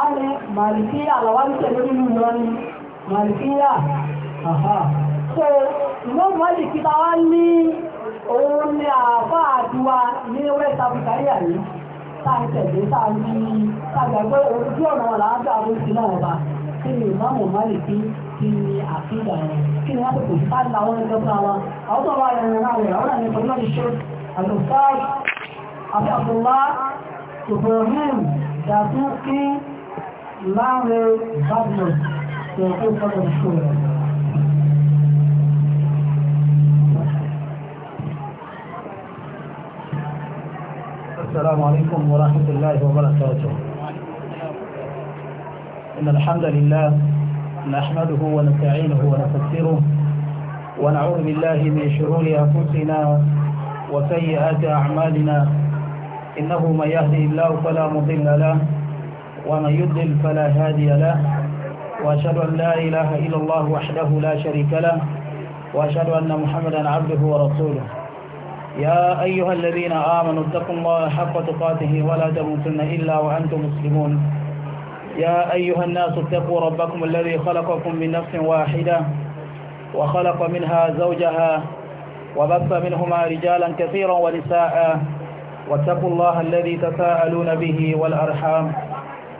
a ní màlìkíyà làwáríṣẹ́ lórí ìlú ní màlìkíyà àhá so ìmọ̀ màlìkí ta wá ní òun ní àbá àdúwà ní west africa yà ní táìtẹ̀lé táàrí tàbẹ̀gbẹ́ ojú ọ̀nà làájá àbúrúkú náà ọba kí ni ìmọ̀ màlìkí kí ni àfihàn rẹ̀ kí ni wọ́n kò sáré àwọn ẹgbẹ́ fún àwọn àwọn tó wà lẹ́nu náà rẹ̀ àwọn àmì ìpínlẹ̀ ìṣe àlùfáà àbí àbúrúwá ìbòmín dàtúkí معنى فضل سيكون فضل الشهرة السلام عليكم ورحمة الله وبركاته إن الحمد لله نحمده ونستعينه ونستغفره ونعوذ بالله من شرور أنفسنا وسيئات أعمالنا إنه من يهدي الله فلا مضل له ومن يضلل فلا هادي له وأشهد أن لا إله إلا الله وحده لا شريك له وأشهد أن محمدا عبده ورسوله يا أيها الذين آمنوا اتقوا الله حق تقاته ولا تموتن إلا وأنتم مسلمون يا أيها الناس اتقوا ربكم الذي خلقكم من نفس واحدة وخلق منها زوجها وبث منهما رجالا كثيرا ونساء واتقوا الله الذي تساءلون به والأرحام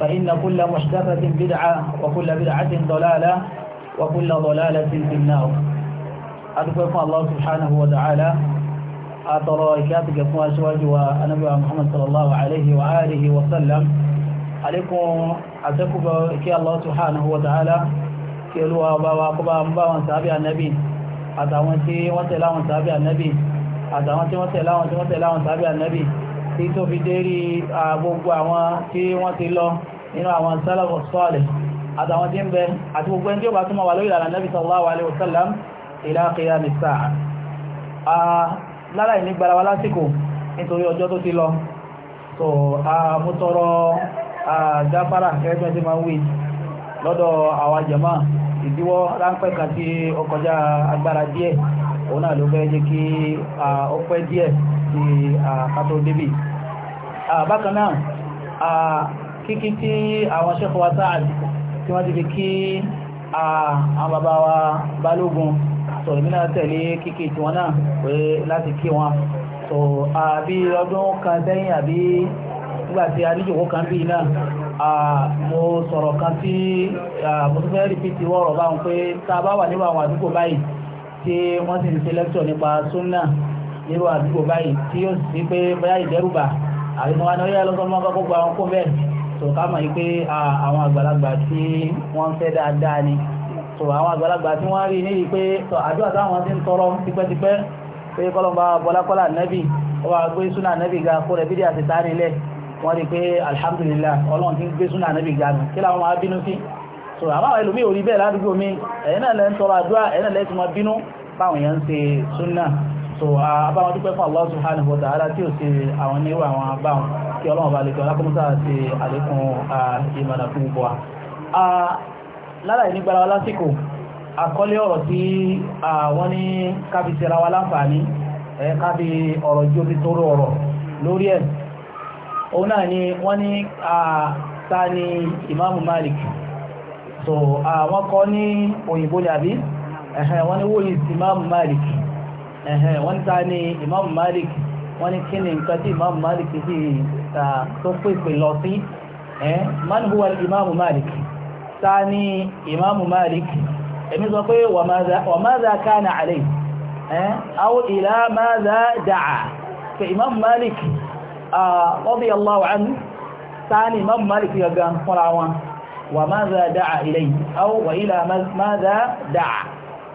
فإن كل محدثة بدعة وكل بدعة ضلالة وكل ضلالة في النار أدفع الله سبحانه وتعالى أترى إكاتك أفوى أسواج ونبي محمد صلى الله عليه وآله وسلم عليكم أتكب إكي الله سبحانه وتعالى كيلوا وقبا أنبا وانسابع النبي أتعوان تي وانسلاوان سابع النبي أتعوان تي وانسلاوان النبي tí tó fi dérí gbogbo àwọn tí wọ́n ti lọ nínú àwọn sálàfù sọ́ọ̀lẹ̀ àtàwọn tí ń bẹ àti gbogbo ẹni tí ó bá túnmọ̀ wà lórí ìlànà Nabi sallallahu ila qiyami sa'a láláì ní gbarawa lásìkò nítorí ọjọ́ tó so mo tọrọ gáfárà ẹgbẹ́ tí máa ń wí lọ́dọ̀ àwọn jàmá ìdíwọ́ ráńpẹ́ kan tí ó kọjá agbára díẹ̀ òun náà ló fẹ́ jẹ́ kí ó pẹ́ díẹ̀ sí àkátó débì bákan náà kíkí tí àwọn Sheikh wa Sa'ad tí wọ́n ti fi kí àwọn bàbá wa Balógun so ìmìnà tẹ̀lé kíkí tí wọ́n náà pé láti kí wọn so àbí ọdún kan sẹ́yìn àbí nígbàtí adíjòkó kan bí náà mo sọ̀rọ̀ kan tí mo tún fẹ́ rìpítì wọ́rọ̀ báwọn pé tá a bá wà nínú àwọn àdúgbò báyìí tí wọ́n sì ń ṣe lẹ́kṣọ̀ nípa súnnà nírò àdúgbò báyìí tí yóò sì pé bóyá ìdẹ́rùbà àbí mo wá ní ọyá lọ́sọ́ mọ́ kọ́kọ́ gba àwọn kó bẹ́ẹ̀ tó ká mọ̀ pé àwọn àgbàlagbà tí wọ́n fẹ́ dáadáa ni tó àwọn àgbàlagbà tí wọ́n rí níbi pé tó àdúrà táwọn ti ń tọrọ tipẹ́tipẹ́ pé kọ́lọ́mbà bọ́lákọ́lá nẹ́bì ó wá gbé súnà nẹ́bì ga kó rẹ̀ bídí àti tánì lẹ̀ wọ́n rí pé alhamdulillah ọlọ́run ti ń gbé súnà nẹ́bì ga nù kí làwọn máa bínú sí so àbáwọn ẹlòmí ò rí bẹ́ẹ̀ ládùúgbò mi ẹ̀yin náà lẹ́ ń tọrọ àdúrà ẹ̀yin náà lẹ́ ti mọ bínú báwọn èèyàn ń so àbáwọn dúpẹ́ fún Allah subhanahu wa ta'ala tí ó ṣe àwọn níwà àwọn àbáwọn kí ọlọ́run bá lè kí ọlákọ́mọ́sá ṣe àlékún ìmọ̀nà fún gbogbo wa láláì nígbàra wa lásìkò àkọlé ọ̀rọ̀ tí wọ́n ní kábi ṣera wa láǹfààní kábi ọ̀rọ̀ jí omi tó rọrọ̀ lórí ẹ̀ òun ni wọ́n ní ta ni Imamu Malik so wọ́n kọ́ ní òyìnbó ni àbí wọ́n ní Malik ẹ̀hẹ́ wọ́n ta ni Imam Malik wọ́n ní kí ni nǹkan tí Imam Malik sì ta tó pèpè lọ sí ẹ́ man huwa Imam Malik ta ni Imam Malik èmi sọ pé wa madha kana alayhi ẹ́ aw ila madha da'a pé Imam Malik radiyallahu anhu ta ni Imam Malik gangan fúnra wọn wa madha da'a ilayhi aw wa ila madha da'a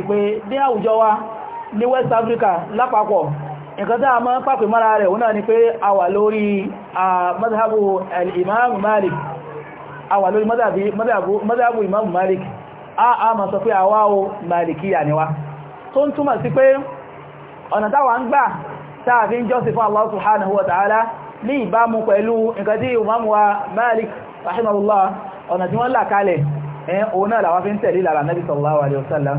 ìpé dé àwùjọ wa ní West Africa lápapọ̀ nǹkan tí a mọ́ pàpè mọ́ra rẹ̀ wọ́n náà ni pé a wà lórí mazhabu imam Malik a wà lórí mazhabu Imam Malik a a ma sọ pé àwa o Malikiya ni wa tó ń túmọ̀ sí pé ọ̀nà táwa ń gbà táà ń jọ́sìn fún Allah subhanahu wa ta'ala ní ìbámu pẹ̀lú nǹkan tí Imam wa Malik rahimahullah ọ̀nà tí wọ́n là kalẹ̀ ẹ̀ òun náà làwọn fi ń tẹ̀lé lára Nabi sallallahu alaihi wasallam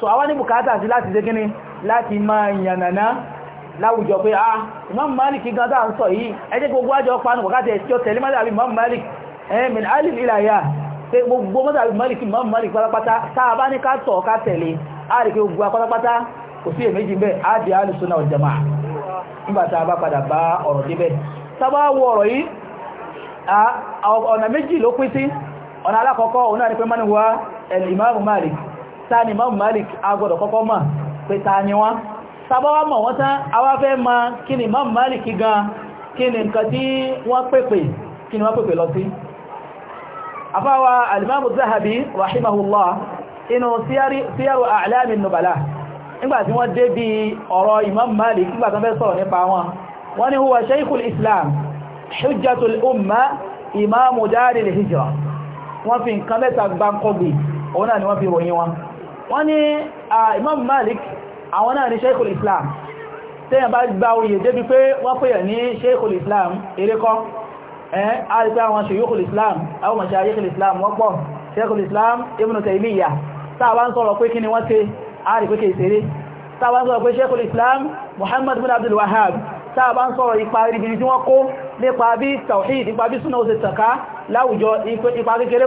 so àwa ka bùkátà lati láti lati ma láti máa yànnàná láwùjọ pé ah imam malik gan dáa ń sọ yìí ẹjẹ́ gbogbo àjọ panu bùkátà ẹ̀sí ọ tẹ̀lé mọ́tàbí imam malik ẹ̀mìn alif ilaya pé gbogbo mọ́tàbí malik imam malik pátápátá táa bá ní ká ká tẹ̀lé a gbogbo pátápátá kò sí a ta ni Imam Malik agbọ́dọ̀ kọ́kọ́ mọ̀ pé ta ni wọ́n sábáwá mọ̀ wọ́n tán awá fẹ́ ma kí ni Imam Malik gan kí ni nǹkan tí wọ́n pèpè kí ni wọ́n pèpè lọ sí afáwa alimamu Zahabi rahimahullah inú siyaru a'lami nubala nígbàtí wọ́n dé Imam Malik nígbàtí wọ́n fẹ́ sọ̀rọ̀ nípa wọn wọ́n ni huwa shaykhul Islam hujjatul umma imamu daril hijra wọ́n fi nǹkan mẹ́ta gbáǹkọ́gbì òun náà ni wọ́n fi ròyìn wọn wọ́n ní Imam Malik àwọn náà ni Sheikhul Islam tẹ́yàn bá gba oyè débi pé wọ́n pèyàn ní Sheikhul Islam erékọ́ ẹ́ àrípẹ́ àwọn Sheikhul Islam àwọn mọ̀ṣẹ́ Sheikhul Islam wọ́pọ̀ Sheikhul Islam Ibn Taymiyyah tàbá ń sọ̀rọ̀ pé kí ni wọ́n tẹ́ àrípẹ́ kèsèrè tàbá ń sọ̀rọ̀ pé Sheikhul Islam Muhammad bin Abdul Wahhab tàbá ń sọ̀rọ̀ ipa ribiri tí wọ́n kó nípa bí tawhid nípa bí súnà ó ṣe tàká láwùjọ ipa kékeré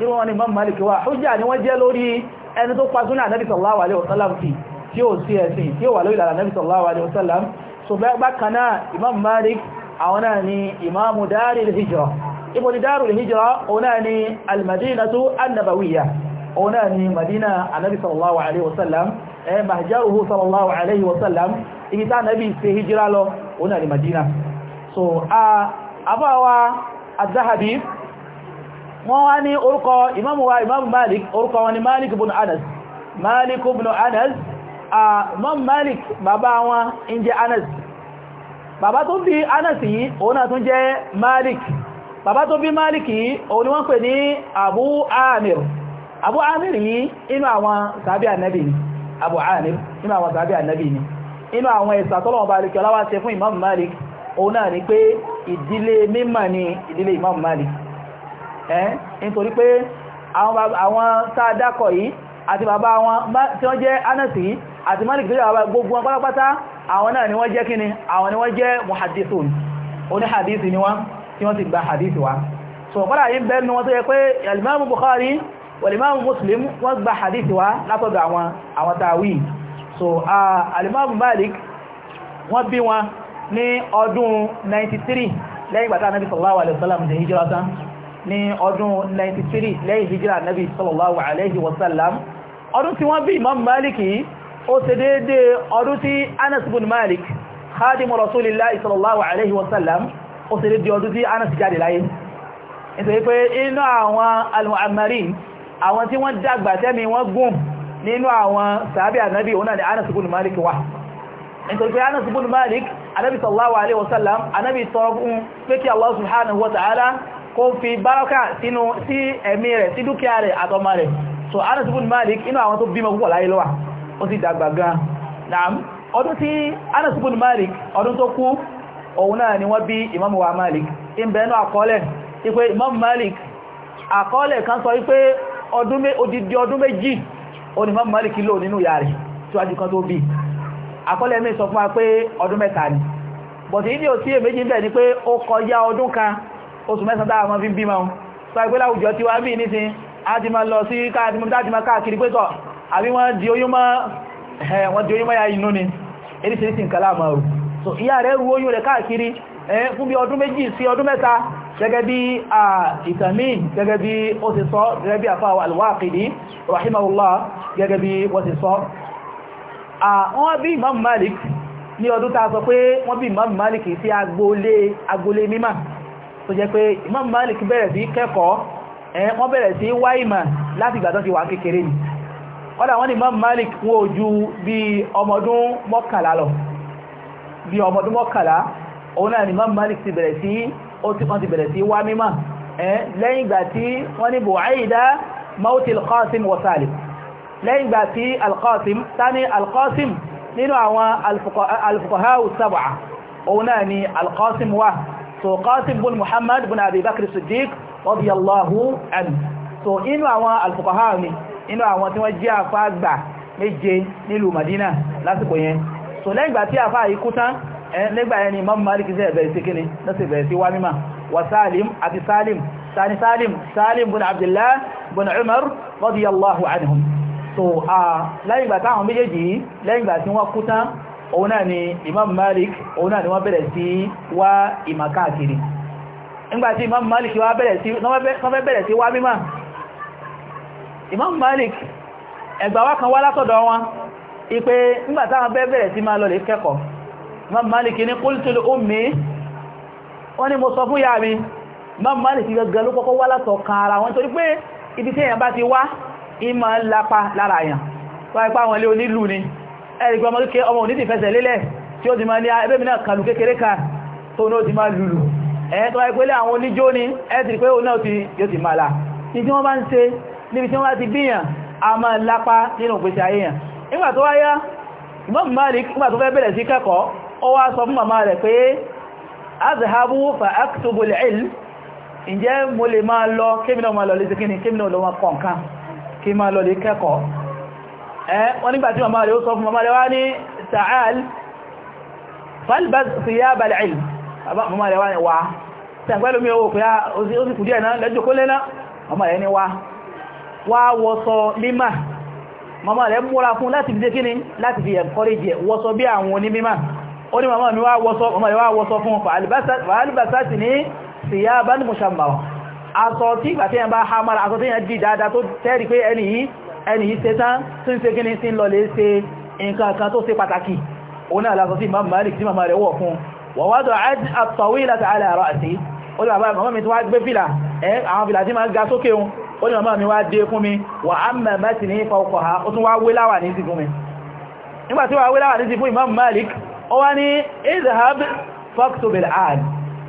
tí wọ́n ni Imam Malik wà hujja ni wọ́n jẹ́ lórí ẹni tó pa súnà Nabi sallallahu alaihi wasallam tí tí ó sí ẹ̀sìn tí ó wà lórí ìlànà Nabi sallallahu alaihi wasallam so bákan náà Imam Malik àwọn náà ni Imam Daril Hijra ibo ni Darul Hijra òun náà ni al-Madinatu an-Nabawiyya òun náà so a abawa az wọ́n wá ní orúkọ imamu wa imamu malik orúkọ wọn ni malik ibn anas malik ibn anas a mọ́m malik bàbá wọn in jẹ́ anas bàbá tó bí anas yìí òun náà tún jẹ́ malik bàbá tó bí malik yìí òun ni wọ́n pè ní abu amir abu amir yìí inú àwọn sàbí ànábì ni abu amir inú àwọn sàbí ànábì ni inú àwọn ẹ̀sà tọ́lọ̀wọ̀n bá lè kí ọlá ẹ́ nítorí pé àwọn sáadákọ̀ yìí àti bàbá wọn tí wọ́n jẹ́ anasi àti malik tó yàwó gbogbo wọn pátápátá àwọn náà ni wọ́n jẹ́ kíni àwọn ni wọ́n jẹ́ muhadithun oní hadith ni wọ́n tí wọ́n ti gba hadith wa so kọ́lá yìí bẹ́ẹ̀ ni wọ́n tó yẹ pé alimamu bukhari walimamu muslim wọ́n gba hadith wa látọ̀dọ̀ àwọn àwọn tàwí so alimamu malik wọ́n bí wọn ní ọdún 93 lẹ́yìn gbàtà nabi sallallahu alaihi wasallam da hijira ní ọdún 93 lẹ́yìn hijira nabi sallallahu alaihi wasallam ọdún tí wọ́n bí imam maliki ó ṣe dédé ọdún tí anas bin malik khadimu rasulillahi sallallahu alaihi wasallam ó ṣe dédé ọdún tí anas jáde láyé nítorí pé inú àwọn al-mu'ammarin àwọn tí wọ́n dàgbà tẹ́mi wọ́n gùn nínú àwọn sàábì ànábì òun náà ni anas bin malik wà nítorí pé anas bin malik anábì sallallahu alaihi wasallam anábì tọrọ fún pé kí allah subhanahu wa ta'ala kó fi bárọ́kà sí ẹ̀mí rẹ̀ sí dúkìá rẹ̀ rẹ̀ so Anas ibn Malik inú àwọn tó bímọ púpọ̀ láyé ló ó sì dàgbà gan naam ọdún tí Anas ibn Malik ọdún tó kú òun náà ni wọ́n bí Imam wa Malik ìbẹ̀ẹ́nú àkọọ́lẹ̀ ipé Imam Malik àkọọ́lẹ̀ kan sọ wípé odidi ọdún méjì o ni Imam Malik lò nínú ìyá rẹ̀ kan tó bí àkọọ́lẹ̀ mi sọ fún wa pé ọdún mẹ́ta ni oṣù mẹ́sàn dáa wọn fi ń bímọ sọ ìpé láwùjọ tí wá bí nísìn a ti máa lọ sí káàkiri pẹ́tọ̀ àbí wọ́n di oyún mọ́ ya inú ni eríṣiríṣi nǹkan láàmà rù so ìyá rẹ̀ rú oyún rẹ̀ káàkiri fún bí ọdún méjì sí ọdún mẹ́ta gẹ́gẹ́ bí ìtàmí gẹ́gẹ́ bí ó ti sọ gẹ́gẹ́ bí àfáwà alwaqidi rahimahullah gẹ́gẹ́ bí wọ́n ti sọ wọ́n bí imam malik ní ọdún ta sọ pé wọ́n bí imam malik sí agboolé mímá tó jẹ́ pé Imam Malik bẹ̀rẹ̀ sí kẹ́kọ̀ọ́ ẹ̀yẹn wọ́n bẹ̀rẹ̀ sí wáìmà láti ìgbà tó ti wà kékeré ni ọ́dá wọ́n ní Imam Malik wọ́n ò ju bí ọmọdún mọ́kànlá lọ bí ọmọdún mọ́kànlá òun náà ni Imam Malik ti bẹ̀rẹ̀ sí ó ti wọ́n ti bẹ̀rẹ̀ sí wá mímà lẹ́yìn ìgbà tí wọ́n ní Bu'aida mauti al-Qasim wa lẹ́yìn ìgbà tí al-Qasim tani nínú àwọn al-fuqaha òun náà ni al-Qasim so qasim bin muhammad bin abi bakr siddiq radiyallahu anhu so inú àwọn alfuqaha ni inú àwọn tí wọ́n jẹ́ àfá àgbà méje nílùú madina lásìkò yẹn so lẹ́gbà tí àfá yìí kú tán lẹ́gbà yẹn ni imam malik ṣe bẹ̀rẹ̀ sí kíni ló sì bẹ̀rẹ̀ sí wá mímọ̀ wa salim àti salim sani salim salim bin abdullah bin umar radiyallahu anhum so lẹ́yìngbà táwọn méjèèjì lẹ́yìngbà tí wọ́n kú tán òun náà ni imam malik òun náà ni wọ́n bẹ̀rẹ̀ sí wá ìmà nígbàtí imam malik wá bẹ̀rẹ̀ sí wá mímá imam malik ẹgbà wá kan wá látọ̀dọ̀ wọn ipé nígbàtí àwọn bẹ̀rẹ̀ sí máa lọ lè kẹ́kọ̀ọ́ imam malik ní qultu li ummi wọ́n ni mo sọ fún yà mi imam malik gẹ́gẹ́ ló kọ́kọ́ wá látọ̀ kan ara wọn torí pé ibi tí èèyàn bá ti wá ìmọ̀ lápa wọ́n ẹ̀rìgbà ọmọ ke ọmọ òní fẹsẹ̀ lélẹ̀ tí ó ti máa ní ah, ẹbẹ́mi náà kàlù kékeré kan tó ní ó ti máa lùlù ẹ̀yẹn tó wáyé pẹ́lẹ̀ àwọn oníjó ni ẹ̀ẹ́tì pé ó náà yóò ti máa la ní tí wọ́n bá ń níbi tí wọ́n bá ti bíyàn a máa lápá nínú ìgbésí Eh, wọ́n nígbà tí màmá rẹ̀ ó sọ fún màmá rẹ̀ wá ní ta'al falbas thiyab al-ilm màmá rẹ̀ wá ní wá tẹ̀gbẹ́lú mi owó pé ah, ó sì kù díẹ̀ náà lẹ́jọ́ kó lẹ́nà màmá rẹ̀ ní wá wá wọ́sọ mímá màmá rẹ̀ múra fún láti fi kíni láti fi encourage ẹ̀ wọ́sọ bí àwọn onímímá ó ní màmá mi wá wọ́sọ fún fàálìbásátì ní thiyaban mushammara ẹni yìí ṣe tán tún ṣe gíní sí lọ lè ṣe nǹkan kan tó ṣe pàtàkì òun náà lásọ sí Imam Malik tí màmá rẹ̀ wọ̀ fún wọ́n wá dọ̀ at-tawilata ala ra'si ó ní bàbá màmá mi tí wá gbé fìlà ẹ́ àwọn fìlà tí máa ga sókè un ó ní màmá mi wá dé fún mi wà sí fún mi fún Imam Malik ó wá ní izhab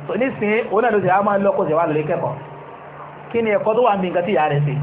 so nísìnyí òun náà ló ti á máa lọ́kọ̀ sí wà lórí kẹ́kọ̀ọ́ kí ni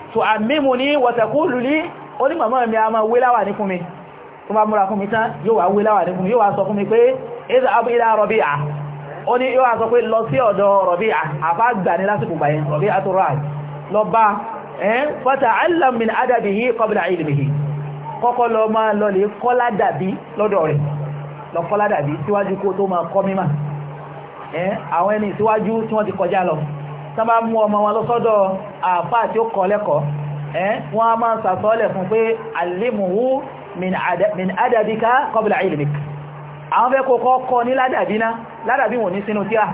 tu'ammimuni wa taqulu li ó ní màmá mi a máa wé láwàní fún mi tó bá múra fún mi tán yóò wá wé láwàní fún mi yóò wá sọ fún mi pé izhab ila Rabi'a ó ní yóò wá sọ pé lọ sí ọ̀dọ̀ Rabi'a àfá gbà ní lásìkò gbà yẹn Rabi'a tó rà lọ bá fata'allam min adabihi qabla ilmihi kọ́kọ́ lọ máa lọ lè kọ́lá dàbí lọ́dọ̀ rẹ̀ lọ kọ́lá dàbí síwájú kó tó máa kọ́ mímà àwọn ẹni síwájú tí wọ́n ti kọjá lọ tán bá mú ọmọ wọn lọ́sọ́dọ̀ àfáà tí ó kọ́ lẹ́kọ̀ọ́ ẹ́ wọ́n á máa sàtọ́lẹ̀ fún pé alimuhu min adabika qabla ilmik àwọn fẹ́ kó kọ́ kọ́ ní ládàbí ná ládàbí wọ́n ní sínú tíra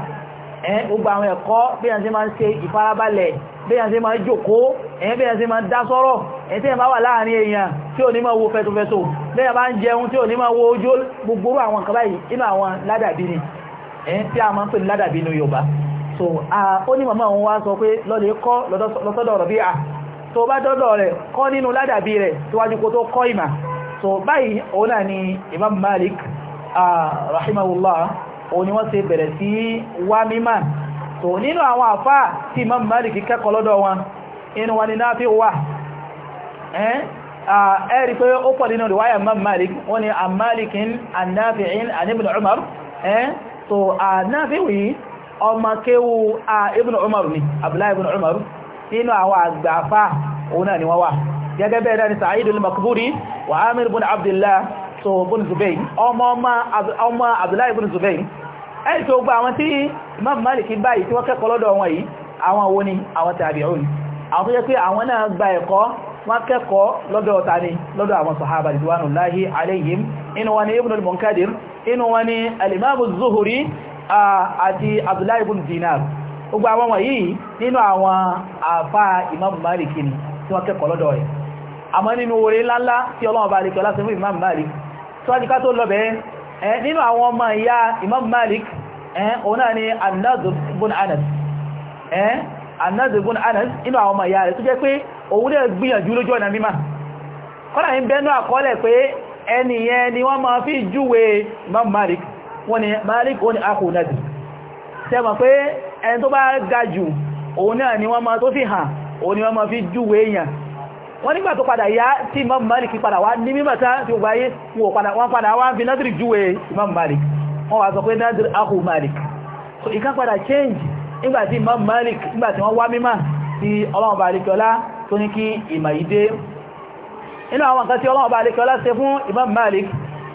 ẹ́ gbogbo àwọn ẹ̀kọ́ bí yàn sí máa ń ṣe ìfarabalẹ̀ bí yàn sí máa ń jókòó ẹ̀ bí yàn sí máa ń dá sọ́rọ̀ ẹ̀ tí yàn bá wà láàrin èèyàn tí ò ní máa wo fẹ́tofẹ́to bí yàn bá ń jẹun tí ò ní máa wo ojú a máa ń pè ní so ó ní màmá òun wá sọ pé lọ́lẹ̀ kọ́ lọ́sọ́dọ̀ rọ̀bí a tó bá dọ́dọ̀ rẹ̀ kọ́ nínú ládàbí rẹ̀ tíwájú kó tó kọ́ ìmà so báyìí òun náà ni Imam Malik rahimahullah òun ni wọ́n ṣe bẹ̀rẹ̀ sí wá mímà so nínú àwọn àfá tí Imam Malik kẹ́kọ̀ọ́ lọ́dọ̀ wọn inú wọn ni náà fi wà ẹ̀rí pé ó pọ̀ nínú riwaya Imam Malik wọ́n ni a Malikin an Nafi'in an Ibn Umar so a Nafi'in ọmọ kéwú ibn umar ni abdullahi ibn umar nínú àwọn àgbàfà òun náà ni wọ́n wà gẹ́gẹ́ bẹ́ẹ̀ náà ni sa'id al-makburi wa amir ibn abdullah so ibn zubayr ọmọ ọmọ abdullahi ibn zubayr ẹ̀yìn tó gba àwọn tí imam malik báyìí tí wọ́n kẹ́kọ̀ọ́ lọ́dọ̀ wọn yìí àwọn wo ni àwọn tabi'un àwọn tó jẹ́ pé àwọn náà gba ẹ̀kọ́ wọ́n kẹ́kọ̀ọ́ lọ́dọ̀ tani àti abdullahi ibn dinar gbogbo àwọn wọ̀nyí nínú àwọn àfá imam malik ni tí wọ́n kẹ́kọ̀ọ́ lọ́dọ̀ rẹ̀ àmọ́ nínú oore ńláńlá tí ọlọ́run bá imam malik tí wọ́n ti tó lọ́bẹ̀ nínú àwọn ọmọ ìyá imam malik òun náà ni an-nadr wọ́n ni malik wọ́n ni akù nabi tẹ́mà pé ẹni tó bá ga òun náà ni wọ́n ma tó fi hàn òun ni wọ́n ma fi júwé èèyàn wọ́n nígbà tó padà yá tí imam malik padà wá ní mímọ̀ta tí ó gbáyé wọ́n padà wá ń fi nadir júwé imam malik wọ́n wá sọ pé nadir akù malik so ìkan padà change nígbàtí imam malik nígbàtí wọ́n wá mímọ̀ tí ọlọ́run bá alikọ́lá tó ní kí ìmọ̀ yìí dé inú imam malik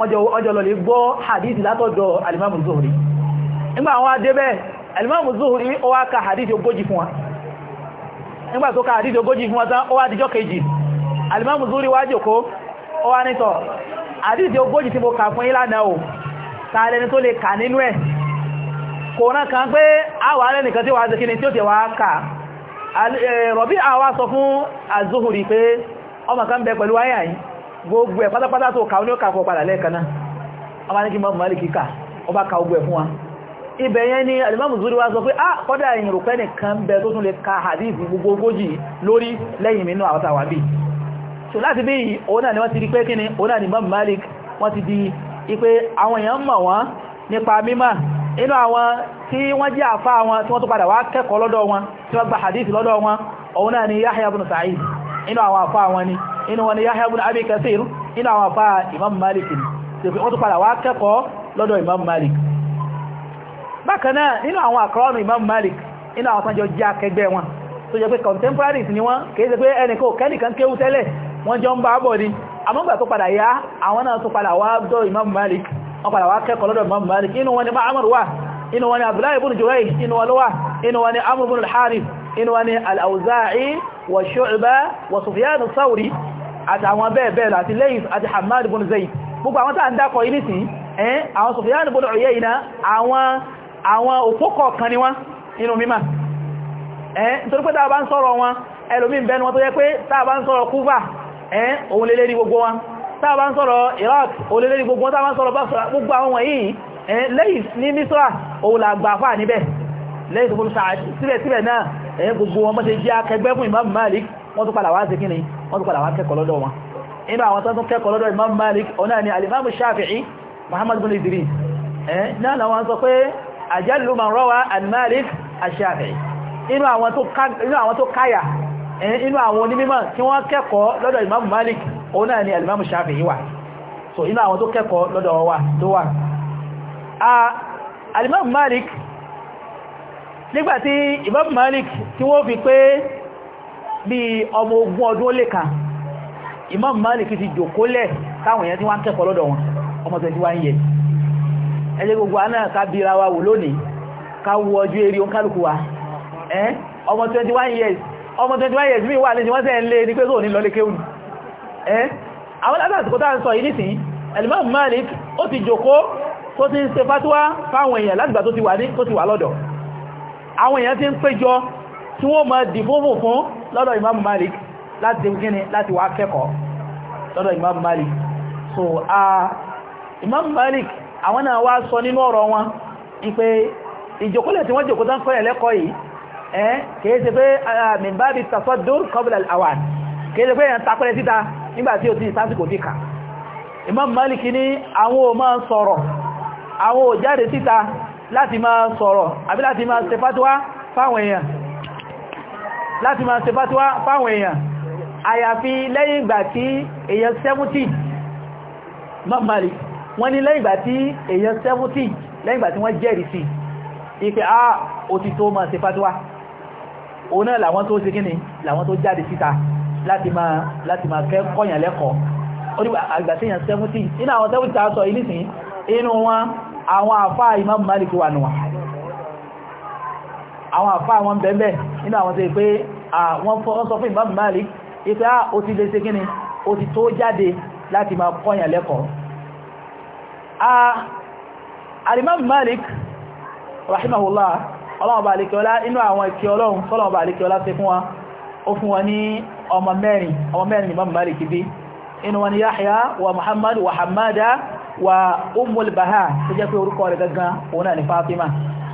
ọjọ́ lọ lè gbọ́ hadith látọ̀dọ̀ alimamu zuhuri nígbà wọn adébẹ̀ alimamu zuhuri ó wá ka hadith ogójì fún wa nígbà tó ka hadith ogójì fún wa tán ó wá dijọ́ kejì alimamu zuhuri wá jòkó ó wá nítọ̀ hadith ogójì tí mo kà fún o ni rọ̀bí àwà eh, sọ fún azuhuri pé ọmọ kan bẹ pẹ̀lú gbogbo ẹ̀ pátápátá tó kà ó ní ó kàkọ padà lẹ́ẹ̀kan náà ọba ní kí mọ́ mọ́lì kíkà ọba ka ogun ẹ̀ fún wa ibẹ̀ yẹn ni alimamu zuri wá sọ pé ah kọ́dà ẹ̀yìn rùpẹ́ nìkan bẹ tó tún lè ka hadith gbogbo ogójì lórí lẹ́yìn mi náà àwọn ni wọ́n ti di pé kíni òun ni mọ́ mọ́lì wọ́n ti di ipé àwọn èèyàn mọ̀ wọ́n nípa mímọ̀ inú àwọn tí wọ́n jẹ́ àfá wọn tí wọ́n tó padà wá kẹ́kọ̀ọ́ lọ́dọ̀ wọn tí wọ́n gba hadith lọ́dọ̀ wọn òun náà ni Yahya ibn Sa'id inú àwọn àfá wọn ni inú wọn ni Yahya ibn Abi Kathir inú àwọn afá Imam Malik ni wọ́n tún padà wá kẹ́kọ̀ọ́ lọ́dọ̀ Imam Malik bákan náà nínú àwọn àkọọ́nù Imam Malik inú àwọn sanjọ jẹ́ akẹgbẹ́ wọn tó jẹ́ pé contemporaries ni wọ́n kìí ṣe pé ẹnìkan kẹ́nìkan kéwú tẹ́lẹ̀ wọ́n jọ ń bá bọ̀ ni àmọ́gbà tó padà yá àwọn náà tó padà wá dọ́ Imam Malik wọ́n padà wá kẹ́kọ̀ọ́ lọ́dọ̀ Imam Malik inú wọn ni Ma'amar al-Harith inú wọn ni wa Shu'ba wa Sufyan ath àtàwọn bẹ́ẹ̀ bẹ́ẹ̀ láti Layth àti Hammad ibn Zayd gbogbo àwọn tàà ń dákọ̀ yìí nìsìn ẹ́n àwọn Sufyan ibn Uyayna àwọn òpókọ̀ kan ni wọ́n inú mímá ẹ́n torí pé tàà bá ń sọ̀rọ̀ wọn ẹlòmín bẹnu wọn tó yẹ pé tàà bá ń sọ̀rọ̀ Kúfà ẹ́n òun lélé ní gbogbo wọn tàà bá ń sọ̀rọ̀ Iraq òun lélé ní gbogbo wọn tàà bá ń sọ̀rọ̀ Basra gbogbo àwọn wọ̀nyí ẹ́n Layth ní Misra òun làgbà fà níbẹ̀ Layth ibn Sa'd wọ́n tún padà wá sí kíni wọ́n tún padà wá kẹ́kọ̀ọ́ lọ́dọ̀ wọn inú àwọn tán tún kẹ́kọ̀ọ́ lọ́dọ̀ imam malik ọ̀nà ni alimamu shafi'i muhammad bin idris eh náà na wọ́n sọ pé ajallu man rawa an malik ash-shafi'i inú àwọn tó ká inú àwọn tó káyà eh inú àwọn onímọ̀ tí wọ́n kẹ́kọ̀ọ́ lọ́dọ̀ imam malik ọ̀nà ni alimamu shafi'i wà so inú àwọn tó kẹ́kọ̀ọ́ lọ́dọ̀ wa tó wà ah alimamu malik nígbàtí imam malik tí wọ́n fi pé bí ọmọ ogún ọdún ó lè kà Imam Malik ti jòkólẹ̀ táwọn èèyàn tí wá ń kẹ́kọ̀ọ́ lọ́dọ̀ wọn ọmọ 21 years ẹjẹ́ gbogbo aná ká bíra wa wò lónìí ká wo ojú eré oúnkálùkù wa ọmọ 21 years ọmọ 21 years mi wà ní wọ́n sẹ́ ń lé ní pé tó ní lọlé kéwù àwọn látàkùn tá ń sọ yìí Imam Malik ó ti jòkó tó ti ń ṣe fatuwa fáwọn èèyàn látìgbà tó ti wà lọ́dọ̀ àwọn èèyàn ti ń péjọ tí wọ́n máa dìbò fún lọ́dọ̀ Imam Malik láti gíní láti wá kẹ́kọ̀ọ́ lọ́dọ̀ Imam Malik so a Imam Malik àwọn náà wá sọ nínú ọ̀rọ̀ wọn ipé ìjòkólẹ̀ tí wọ́n jòkó tán kọ́yẹ̀ lẹ́kọ̀ọ́ yìí ẹ́ kìí ṣe pé min babi tasaddur qabla al-awan kìí ṣe pé èèyàn tapẹ́rẹ́ síta nígbàtí ò ti sásìkò ti kà Imam Malik ní àwọn ò máa sọ̀rọ̀ àwọn ò jáde síta láti máa sọ̀rọ̀ àbí láti máa ṣe fatuwa fáwọn èèyàn láti máa ṣe fàtíwá fáwọn èèyàn àyàfi lẹ́yìn ìgbà tí èèyàn 70 mọ́màlì wọ́n ní lẹ́yìn ìgbà tí èèyàn 70 lẹ́yìn ìgbà tí wọ́n jẹ́rìí sí ipé a ah, ó ti tó máa ṣe fàtíwá òun náà làwọn tó ṣe kíni làwọn tó jáde síta láti máa láti máa kọ́yàn lẹ́kọ̀ọ́ àgbà tí èèyàn 70 inú àwọn 70 ta sọ ilé sí inú wọn àwọn àfáà Imam Malik wà nù wọn àwọn àfá àwọn bẹ̀ẹ̀bẹ̀ nínú àwọn tó pé àwọn sọ fún Imam Malik ipé á o ti lè ṣe kíni o ti tó jáde láti máa kọ́yàn lẹ́kọ̀ọ́ Al-Imam Malik rahimahullah ọlọ́ọ̀bà alikiola inú àwọn ikẹ́ ọlọ́run tọ́lọ̀ọ̀bà alikiola ṣe fún wa ó fún wa ní ọmọ mẹ́rin ọmọ mẹ́rin Imam Malik bí inú wọn ni Yahya Muhammad wa Hamada wa Ummul Baha tó jẹ́ pé orúkọ rẹ̀ gangan òun ni Fatima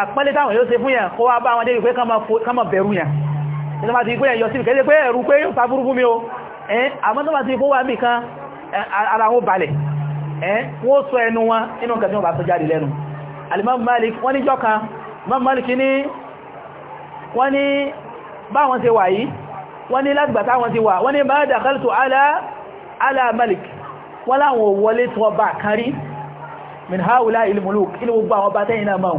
àpẹẹlẹ́ táwọn yóò ṣe fún yẹn kó wá bá wọn débi pé kánmọ̀ bẹ̀rù yẹn tó bá ti pé ẹ̀yọ sí kẹ́lẹ́ pé ẹ̀rù pé yóò sàbúrú fún mi o àmọ́ tó bá ti kówà mì kan ara wọn balẹ̀ wọ́n sọ ẹnu wọn inú kẹfẹ́ wọn bá sọ jáde lẹ́nu Al-Imam Malik wọ́n ní jọ́kan Imam Malik ní wọ́n ní bá wọn ṣe wà yìí wọ́n ní láti gbàtà wọn ti wà wọ́n ní ma dakhaltu ala Malik wọ́n láwọn wọlé tó ọba kan rí min haula ilmuluk ilé gbogbo àwọn ọba tẹ́yìn náà máa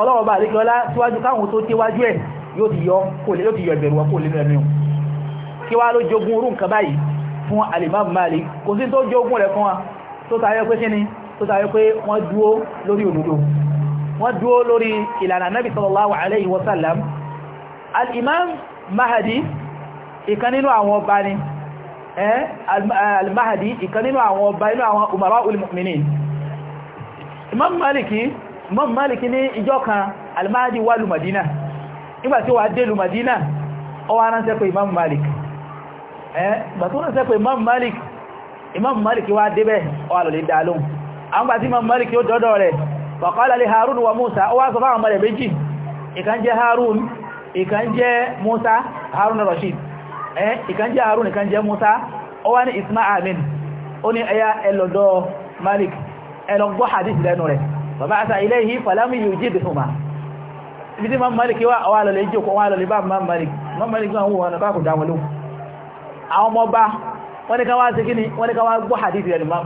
ọlọ́ọ̀bà àríkọlá síwájú káwọn tó tíwájú ẹ̀ yóò ti yọ ìbẹ̀rù wọn kò lè mẹ́rin kí wá ló jogun orú nǹkan báyìí fún Al-Imam Malik kò sí tó jogun rẹ̀ fún wa tó tayọ pé kíni tó tayọ pé wọ́n dúó lórí òdodo wọ́n dúó lórí ìlànà Nabi sallallahu alaihi wasallam Al-Imam Mahdi ìkan nínú àwọn ọba ni Al-Mahdi ìkan nínú àwọn ọba inú àwọn umara'ul mu'minin Imam Maliki Imam Malik ní ìjọ kan al-Mahdi wà lù Madina nígbà tí ó wà dé lù Madina ó wá ránṣẹ́ pé Imam Malik eh gbà tó ránṣẹ́ pé Imam Malik Imam Malik wá débẹ̀ ó wá lọ lè dá lóhùn àwọn gbà Imam Malik yóò dọ́dọ̀ rẹ̀ wa qala li Harun wa Musa ó wá sọ fáwọn mọ̀rẹ̀ méjì ìkan jẹ́ Harun ìkan jẹ́ Musa Harun Rashid eh ìkan jẹ́ Harun ìkan jẹ́ Musa ó wá ní isma amin ó ní ẹya ẹlọ́dọ̀ Malik ẹlọ́gbọ́ hadith lẹ́nu rẹ̀ bàbá àṣà ilé yìí fàlámù yìí jí ìdìfúnmá ibi tí máa mọ́lìkì wà wà lọ́lẹ̀ ìjọ kan wà lọ́lẹ̀ bá máa mọ́lìkì máa mọ́lìkì wọn wọn ká kò dá wọn lóhùn àwọn ọmọ bá wọ́n ní ká wá sí kíni wọ́n ní ká wá gbọ́ hadith rẹ̀ lùmọ́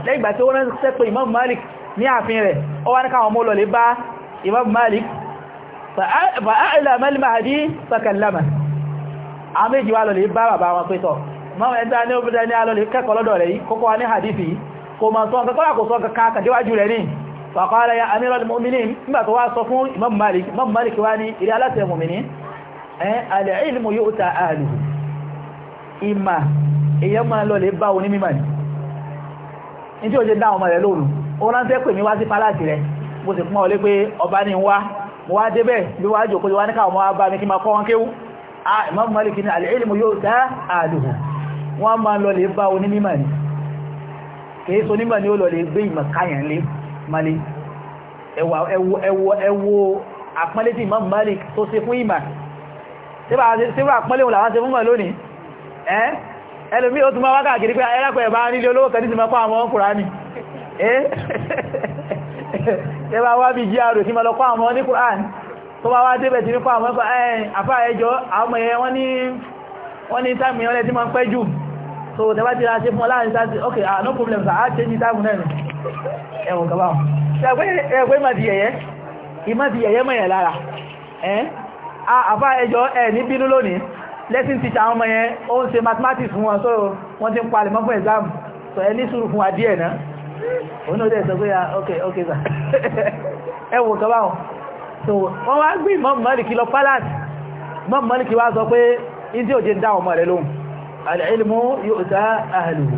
kò mọ̀ sọ́n kankan kò sọ́n kankan kàdíwájú rẹ̀ ní faqala ya amiral mu'minin nígbà tó wá sọ fún imam malik imam malik wá ní ilé aláṣẹ mu'minin al-ilmu yu'ta ahlihi ìmà èyàn máa lọ lè bá oní mímà ní ní tí ó jẹ́ dáwọn ọmọ rẹ̀ lóòrùn ó rántẹ́ pè mí wá sí pálásì rẹ̀ mo sì fún ọ lé pé ọba ní wá mo wá débẹ̀ bí wá jòkó wá ní káwọn ọmọ bá mi kí máa kọ́ wọn kéwú imam malik ní al-ilmu yu'ta ahlihi wọ́n máa lọ lè bá oní mímà ní kìí so nígbà ni ó lọ lè gbé ìmọ̀ káyàn lé Malik ẹwọ àpọ́nlé tí Imam Malik tó ṣe fún ìmà síbà àpọ́nlé òun làwọn ṣe fún mọ̀ lónìí ẹ́ ẹlòmí ó tún máa wákà kìí pé ẹlẹ́pẹ̀ ah, ẹ̀bá nílé olówó kẹ́ nítorí kọ́ àwọn Kùránì ẹ́ bá wá bí jí so tẹbá ti ra ṣe fún ọláàrin sáàtì Okay, ah no problem sir a ṣe ní táàmù náà ẹ̀wọ̀n kaba ẹgbẹ́ ma di yẹ̀yẹ́ ìmá di yẹ̀yẹ́ mẹ́yẹ̀ lára ẹ́n àfá ẹjọ́ ẹ̀ ní bínú lónìí lesson teacher àwọn ọmọ yẹn ó ń ṣe mathematics fún so wọ́n ti ń palẹ̀ mọ́ fún exam so ẹ ní sùúrù fún adíẹ̀ náà òun náà dẹ̀ sọ pé ah, Okay, okay. sir ẹ̀wọ̀n kaba so wọ́n wá gbé Imam Maliki kilo palace Imam Maliki wá sọ pé indi òjé ń dá ọmọ rẹ̀ lóhùn alìlmù yóò tá àhàlùhù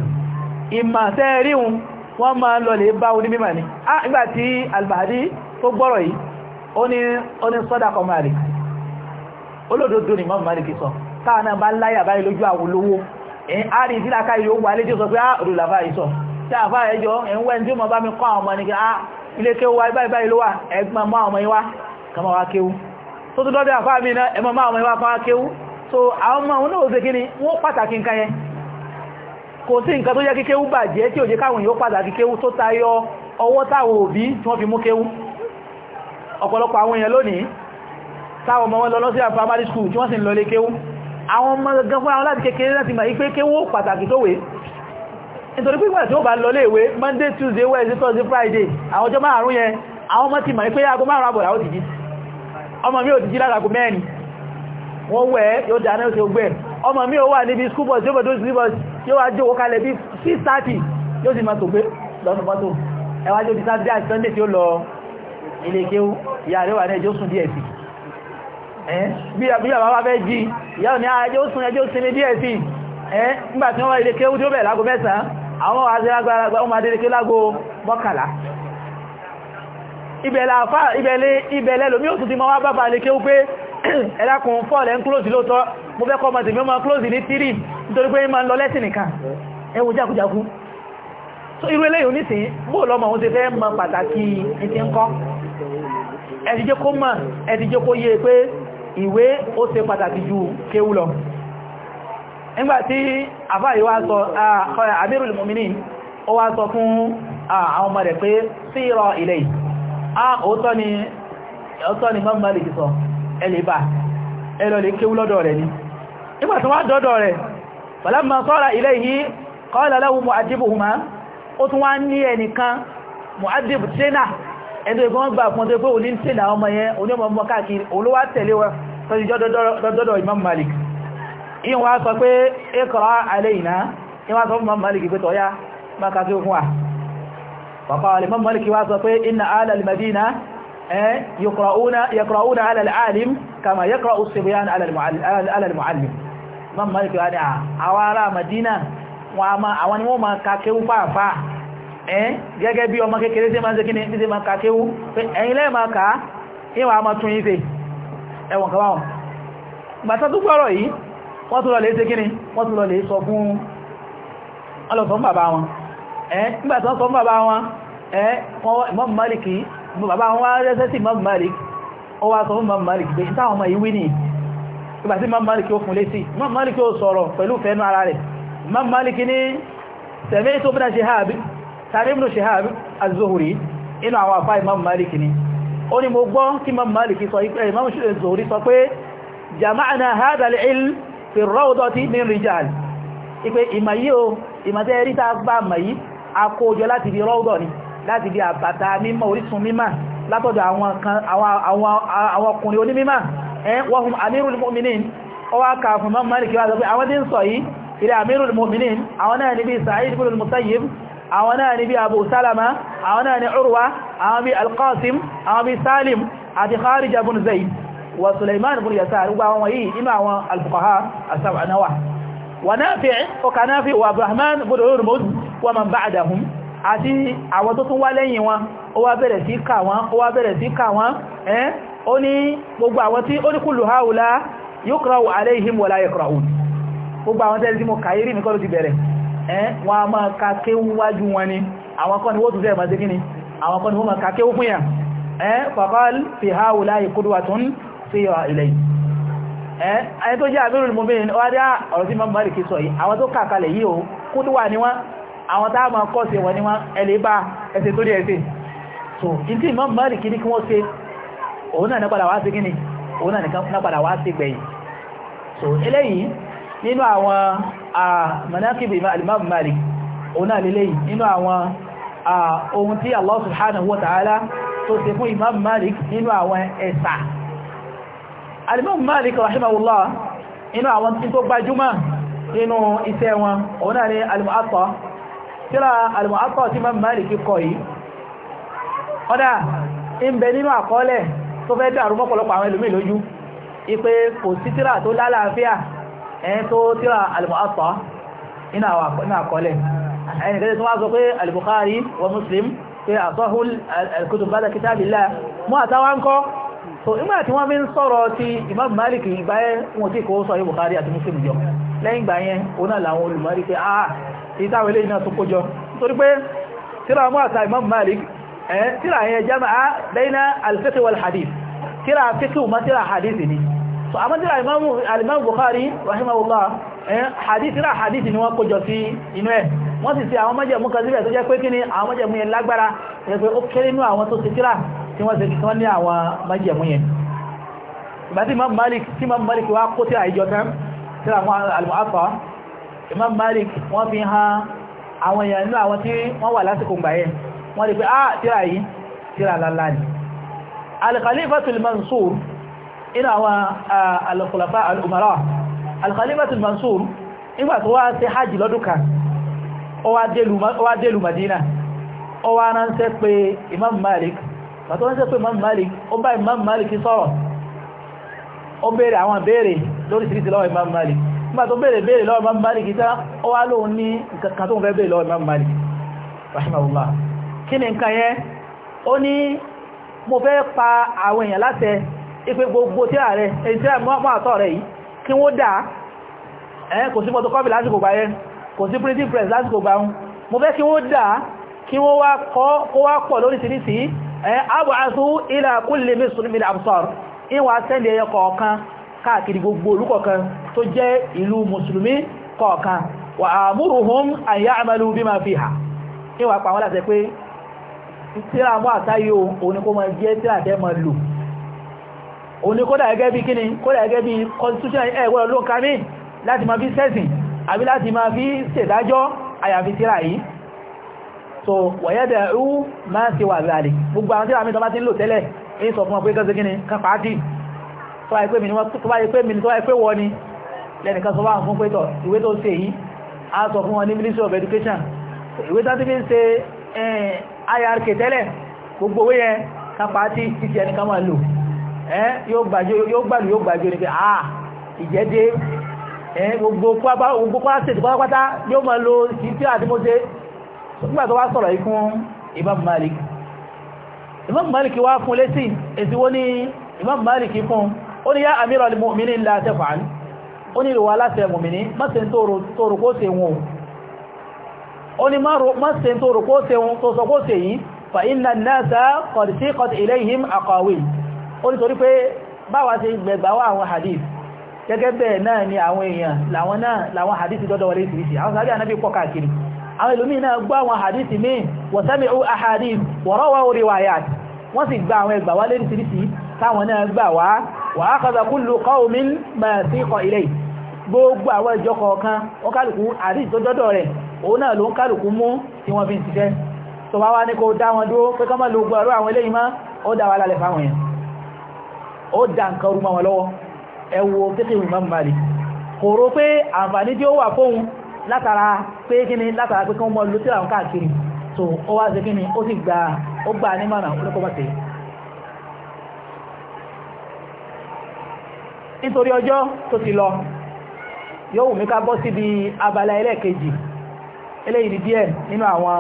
ìmà tẹ́ẹ̀ríhun wọ́n máa lọ lè bá onímímà ní nígbàtí al-Mahdi tó gbọ́rọ̀ yìí ó ní sọ́dàkọ Malik olódodo ni mọ́mù Malik sọ káàna bá láyà báyìí lójú àwọn olówó àrí ìdílàkà yóò wà lé tí ó sọ pé á òdòlàfà ìsọ tí àfà ẹjọ́ ẹ̀wẹ́ tí ó mọ̀ bá mi kọ́ àwọn ọmọ ní kí á ilé kéwú wa báyìí báyìí ló wà ẹgbẹ́ mọ́ àwọn ọmọ yíwá kama wá kéwú tó tó dọ́dẹ̀ àfà mi náà ẹmọ máa ọmọ yíwá kama wá kéwú so àwọn ọmọ àwọn olóòsè kí ni wọ́n pàtàkì nǹkan yẹn kò sí nǹkan tó jẹ́ kí kéwú bàjẹ́ tí ò jẹ́ káwọn yóò pàtàkì kéwú tó tayọ ọwọ́ táwọn òbí tí wọ́n fi mú kéwú ọ̀pọ̀lọpọ̀ àwọn èèyàn lónìí táwọn ọmọ wọn lọ lọ sí primary school tí wọ́n sì ń lọ lé kéwú àwọn ọmọ gan fún àwọn láti kékeré láti mọ̀ pé kéwú pàtàkì tó wé nítorí pé ìgbà tí ó bá lọ lé ìwé Monday Tuesday Wednesday Thursday Friday àwọn mi ò ti jí lárago mẹ́rin wọ́n wẹ̀ yóò dáná ó ṣe gbẹ̀ ọmọ mi ò wà níbi school bus yóò bọ̀dọ̀ sí bus yóò wá jẹ́ òwòkalẹ̀ bí 6:30 yóò sì máa tó gbé lọ́nà mọ́tò ẹwà jẹ́ Saturday àti Sunday tí ó lọ ilé kéwú ìyá rẹ̀ wà ní ẹjọ́ sùn díẹ̀ sí bí àbá wá fẹ́ jí ìyá òní ẹjọ́ sùn ẹjọ́ sinmi díẹ̀ sí nígbà tí wọ́n wá ilé kéwú tí ó bẹ̀rẹ̀ lágo mẹ́sàn-án àwọn àzẹ́lágbàlagbà ọmọ adélé lágo mọ́kànlá ibẹ̀lẹ̀ lómi ó tún ti mọ́ wá bàbá lè kéwú pé ẹ̀lákùn fọ́ ọ̀lẹ́ ń close lóòtọ́ mo fẹ́ kọ́ mọ̀tẹ̀mí ọmọ close ní tírì nítorí pé ma ń lọ lẹ́sìn nìkan ẹ wo jákújákú so irú eléyìí nísìn bóò lọ́mọ oún ṣe fẹ́ mọ pàtàkì ìtí ń kọ́ ẹ̀dìjẹ́ kó mọ̀ ẹ̀dìjẹ́ kó yé pé ìwé ó ṣe pàtàkì ju kéwú lọ nígbàtí àfáàyí wá sọ Amirul Mu'minin ó wá sọ fún àwọn ọmọ rẹ̀ pé sí ìrọ ilẹ̀ yìí ẹlẹ́bà ẹlọ́lẹ́ kéwú lọ́dọ̀ rẹ̀ ni nígbà tó wá dọ́dọ̀ rẹ̀ pàlámà sọ́ra ilé yìí kọ́ọ̀lá lẹ́wù mọ̀ádìbù hùmá ó tún wá ní ẹnìkan mọ̀ádìbù tẹ́nà ẹni ìgbọ́n gbà fún tó pé òní tẹ́nà ọmọ yẹn onímọ̀ káàkiri olówá tẹ̀lé wọn tọ́jọ́ dọ́dọ̀ Imam Malik ìyẹn wá sọ pé ẹkọ̀ọ́ alẹ́ ìná ìyẹn wá sọ fún Imam يقرؤون يقرؤون على العالم كما يقرأ الصبيان على المعلم على المعلم Imam Malik wá ní ah, àwọn ará Madina àwọn ni wọ́n máa kàkéwú fàáfà ẹ́n eh, gẹ́gẹ́ bí ọmọ kékeré sí máa ń sẹ́kí ní títí máa kàkéwú ẹ̀yìn lẹ́ẹ̀ máa kàá ìwọ̀n a máa tún yí ṣe ẹwọ̀n kan wọ́n gbàtà tó gbọ́rọ̀ yìí wọ́n tún lọ lè sẹ́kí ní wọ́n tún lọ lè sọ fún ọlọ́sọ̀ bàbá wọn eh, bàbá wọn wá rẹ́sẹ́ sí Imam Malik ó wá sọ fún Imam Malik pé táwọn ọmọ ìwé ní ìgbà tí Imam Malik ó fún létí Imam Malik ó sọ̀rọ̀ pẹ̀lú fẹ́nu ara rẹ̀ Imam Malik ní sẹ̀mẹ́ tó bí na Shihab tàbí ibn Shihab az-Zuhri inú àwọn afá Imam Malik ni ó ní mo gbọ́ kí Imam Malik sọ ipẹ́ Imam Zuhri sọ pé jama'na hadha al-ilm ni láti bí àbàtà mímọ̀ orísun mímọ̀ látọ̀dọ̀ àwọn ọkùnrin onímímọ̀ wọ́n hum amirul mu'minin ó wá ká fún mọ́ mọ́lìkì wá sọ pé àwọn tí ń sọ yìí ilẹ̀ amirul mu'minin àwọn náà ní bí sa'id ibn al-musayyib àwọn náà ní bí abu salama àwọn náà ní urwa àwọn bí al-qasim àwọn bí salim àti kharija ibn zayd wa sulaiman ibn yasar gba àwọn yìí àti àwọn tó tún wá lẹ́yìn wọn ó wá bẹ̀rẹ̀ sí kà wọ́n ó wá bẹ̀rẹ̀ sí kà wọ́n ẹ́n ó ní gbogbo àwọn tí ó ní kullu haula yuqra'u alayhim wala yaqra'un gbogbo àwọn tẹ́lẹ̀ tí mo kàyé rí nìkan ló ti bẹ̀rẹ̀ ẹ́n wọ́n a máa ka kéwú wájú wọn ni ni wọ́n tún fẹ́ máa ṣe kíni àwọn tó jẹ́ àbírùn mọ́bìnrin ọwádá ọ̀rọ̀ tí mọ́ mọ́rìkì sọ yìí àwọn tó kàkalẹ̀ yìí o kúdùwà ni wọ́n àwọn tá a máa kọ́ sí wọn ni wọ́n ẹ̀lẹ́ bá ẹsẹ̀ tó dé ẹsẹ̀ so in tí ìmọ̀ mọ́rì kí ní kí wọ́n ṣe òun náà nípadà wá sí kíni òun náà nípadà wá sí gbẹ̀yìn so eléyìí nínú àwọn manakibu al-Imam Malik òun náà lélẹ́yìí nínú àwọn ohun tí Allah subhanahu wa ta'ala tó ṣe fún Imam Malik nínú àwọn ẹ̀sà al-Imam Malik rahimahullah nínú àwọn tí tó gbajúmọ̀ nínú iṣẹ́ wọn òun náà ni al tíra al-Muwatta tí Imam Malik kọ yìí ọ̀dá ń bẹ nínú àkọọ́lẹ̀ tó fẹ́ dàrú mọ́pọ̀lọpọ̀ àwọn ẹlòmíì lójú ipé kò sí tíra tó lálàáfíà ẹni tó tíra al-Muwatta nínú àkọọ́lẹ̀ ẹnìkẹ́lẹ̀ tó wá sọ al-Bukhari wa Muslim pé àtọ́hùl al-kutub ba'da kitabillah mú àtàwọn so ìgbà tí wọ́n fi ń sọ̀rọ̀ ti Imam Malik ìgbà yẹn wọn tí kò sọ yìí àti Muslim jọ lẹ́yìn ìgbà yẹn òun náà làwọn olùmọ́rí pé ah ìdáwẹ̀ lè náà tó kójọ torí pé tíra mọ́ àta Imam Malik tíra yẹn jama'a baina al-fiqh wal-hadith tíra fiqh ma tíra hadith ni so a mọ́tíra al-Imam Bukhari rahimahullah hadith tíra hadith ni wọ́n kójọ sí inú ẹ̀ wọ́n sì sí àwọn májẹ̀mú kan síbẹ̀ tó jẹ́ pé kí ni àwọn májẹ̀mú yẹn lágbára ẹ̀ pé ó kéré nú àwọn tó ti tíra tí wọ́n Imam Malik wọ́n fi hàn àwọn èèyàn inú àwọn tí wọ́n wà lásìkò gbàyẹ wọ́n rí pé ah tíra yìí tíra lálá ni al-Khalifatul Mansur iná àwọn ah, al-Khulafa al-Umara al-Khalifatul Mansur nígbà tó wá ṣe hajj lọ́dún kan ó wá délù Madina ó wá ránṣẹ́ pé Imam Malik pàtó ránṣẹ́ pé Imam Malik ó bá Imam Malik sọ̀rọ̀ ó béèrè àwọn béèrè lórí sírísì lọ́wọ́ Imam Malik nígbà tó bèèrè bèèrè lọ́wọ́ Imam Malik ìta ó wá lóun ní nǹkan tó ń fẹ́ bèèrè lọ́wọ́ Imam Malik rahimahullah kí ni nǹkan yẹn ó ní mo fẹ́ pa àwọn èèyàn láṣẹ ipé gbogbo tí ààrẹ èyí tí àmọ́ àtọ́ rẹ̀ yìí kí wọ́n dà ẹ́ kò sí photocopy lásìkò gbà yẹn kò sí printing press lásìkò gbà yẹn mo fẹ́ kí wọ́n dà kí wọ́n wá kó wá pọ̀ lóríṣiríṣi ẹ́ àbọ̀ káàkiri gbogbo olúkọ̀kan tó jẹ́ ìlú mùsùlùmí kọ̀ọ̀kan wà àmúrùhún àyà àmàlù bí ma fi hà níwà pa wọ́n láti pé tíra mọ́ àtàyò oníkó ma jẹ́ tíra tẹ́ ma lò oníkó dà gẹ́gẹ́ bí kíni kó dà gẹ́gẹ́ bí constitution ẹgbẹ́ ló láti ma fi sẹ́sìn so wọ̀yẹ́dẹ̀ ẹ̀rú máa ń ṣe wà láàrin gbogbo àwọn tíra mi tọ́ bá ti tó wáyé pé mi ni tó wáyé pé wọ́n ni lẹ́nìkan sọ bá fún pétọ̀ ìwé tó ṣe yìí a sọ fún wọn ní of education ìwé tó ti fi ń ṣe eh, IRK tẹ́lẹ̀ gbogbo owó yẹn kápá tí títí ẹni ká máa lò eh, yóò gbàlù yóò gbàjú ní pé àà ìjẹ́dé eh, gbogbo pàṣẹ̀tì pátápátá yóò máa lo títí àti mo ṣe nígbà tó wá sọ̀rọ̀ yìí fún Imam Malik Imam Malik wá fún lésì èsì wó ní Imam Malik fún ó ní yá amiral mu'minin la taf'al ó ní ìrọ̀wà aláṣẹ mùmìnì mọ́sẹ̀ tó rùkó se wọn ó ní mọ́sẹ̀ tó rùkó se wọn tó sọ kó se yìí fa inna an-nasa qad siqat ilayhim aqawil ó ní torí pé báwa ṣe gbẹ̀gbàwà àwọn hadith gẹ́gẹ́ bẹ́ẹ̀ náà ni àwọn èèyàn wọ́n sì gba àwọn ẹgbà wá lóríṣiríṣi táwọn náà gbà wá wà á kọ́ta kú lu kọ́ omi máa sí kọ ilé gbogbo àwọn ìjọ kọ̀ọ̀kan wọ́n kálukú àti ìtọ́jọ́dọ̀ rẹ̀ òun náà ló ń kálukú mú tí wọ́n fi ń ṣiṣẹ́ tó bá wá ní kó dá wọn dúró pé kọ́mọ́ ló gbọ́rọ̀ àwọn eléyìí so ó wá ṣe kí ni ó sì gba ó gbà ní mọ̀nà olóko nítorí ọjọ́ tó ti lọ yóò ká bọ́ abala ẹlẹ́ẹ̀kejì eléyìí ni díẹ̀ nínú àwọn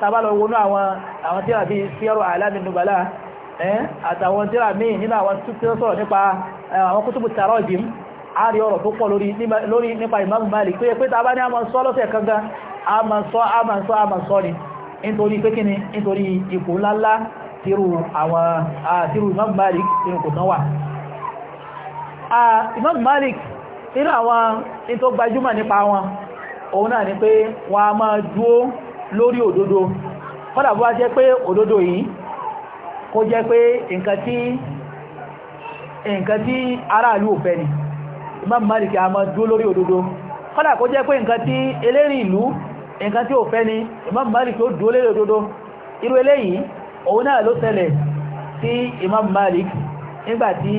tabalọ wọnú àwọn àwọn tíra bíi síọ́rọ̀ àìlámìnúbalá àtàwọn tíra míì nínú àwọn tíra sọ̀rọ̀ nípa àwọn kútùbù àárí ọ̀rọ̀ tó pọ̀ lórí nípa Malik pé pé ní lọ́sẹ̀ kankan nítorí pé nítorí ipò ńláńlá tírù àwọn tírù Imam Malik tírù kò tán wà Imam Malik nínú àwọn tó gbajúmọ̀ nípa wọn òun náà ni pé wọ́n a máa dúó lórí òdodo kọ́dà bó jẹ́ pé òdodo yìí kó jẹ́ pé nǹkan tí Imam Malik a máa dúó lórí òdodo kó jẹ́ pé nǹkan tí ó fẹ́ ni Imam Malik ó dúó lérò dodo irú eléyìí òun náà ló tẹ̀lẹ̀ sí Imam Malik nígbàtí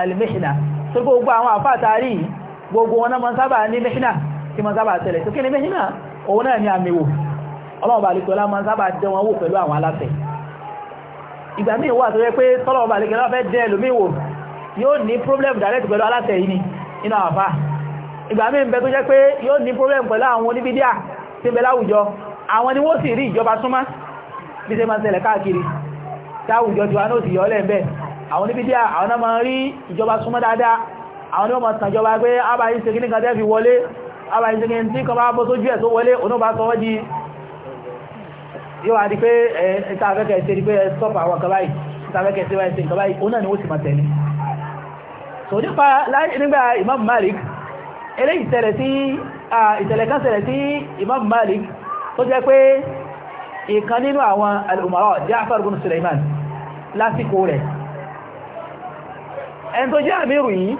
al-mihna tó gbogbo àwọn àfáàtàrí gbogbo wọn náà mọ́ sábà ní mihna tí mọ́ sábà tẹ̀lẹ̀ tó kí ni mihna òun náà ni àmì wò ọlọ́ọ̀bà alìkọ́lá mọ́ sábà dẹ wọn wò pẹ̀lú àwọn aláfẹ́ ìgbà míì wà tó yẹ pé tọ́lọ̀ọ̀bà alìkọ́lá fẹ́ dẹ ẹlòmíì wò yóò ni inú àfá tí ń bẹ láwùjọ àwọn ni wọ́n sì rí ìjọba súnmá bí ṣe máa ṣẹlẹ̀ káàkiri táwùjọ tí wọ́n sì yọ́lẹ̀ bẹ́ àwọn níbi díà àwọn náà máa rí ìjọba súnmọ́ dáadáa àwọn náà máa tàjọba pé àbáyí ṣe kíní kan tẹ́ fi wọlé àbáyí ṣe kíní kan bá bó sójú ẹ̀ tó wọlé òun bá sọwọ́ di yóò wá di pé ẹ̀ta afẹ́kẹ́ ṣe di pé stop àwọn kan báyìí ẹ̀ta afẹ́kẹ́ ṣe wáyé ṣe nǹkan báyìí òun náà ni ó sì máa tẹ̀lé so nípa ìṣẹ̀lẹ̀ kan ṣẹlẹ̀ sí Imam Malik tó jẹ́ pé ìkan nínú àwọn al-umara Ja'far bin lásìkò rẹ̀ ẹni tó jẹ́ àmìrù yìí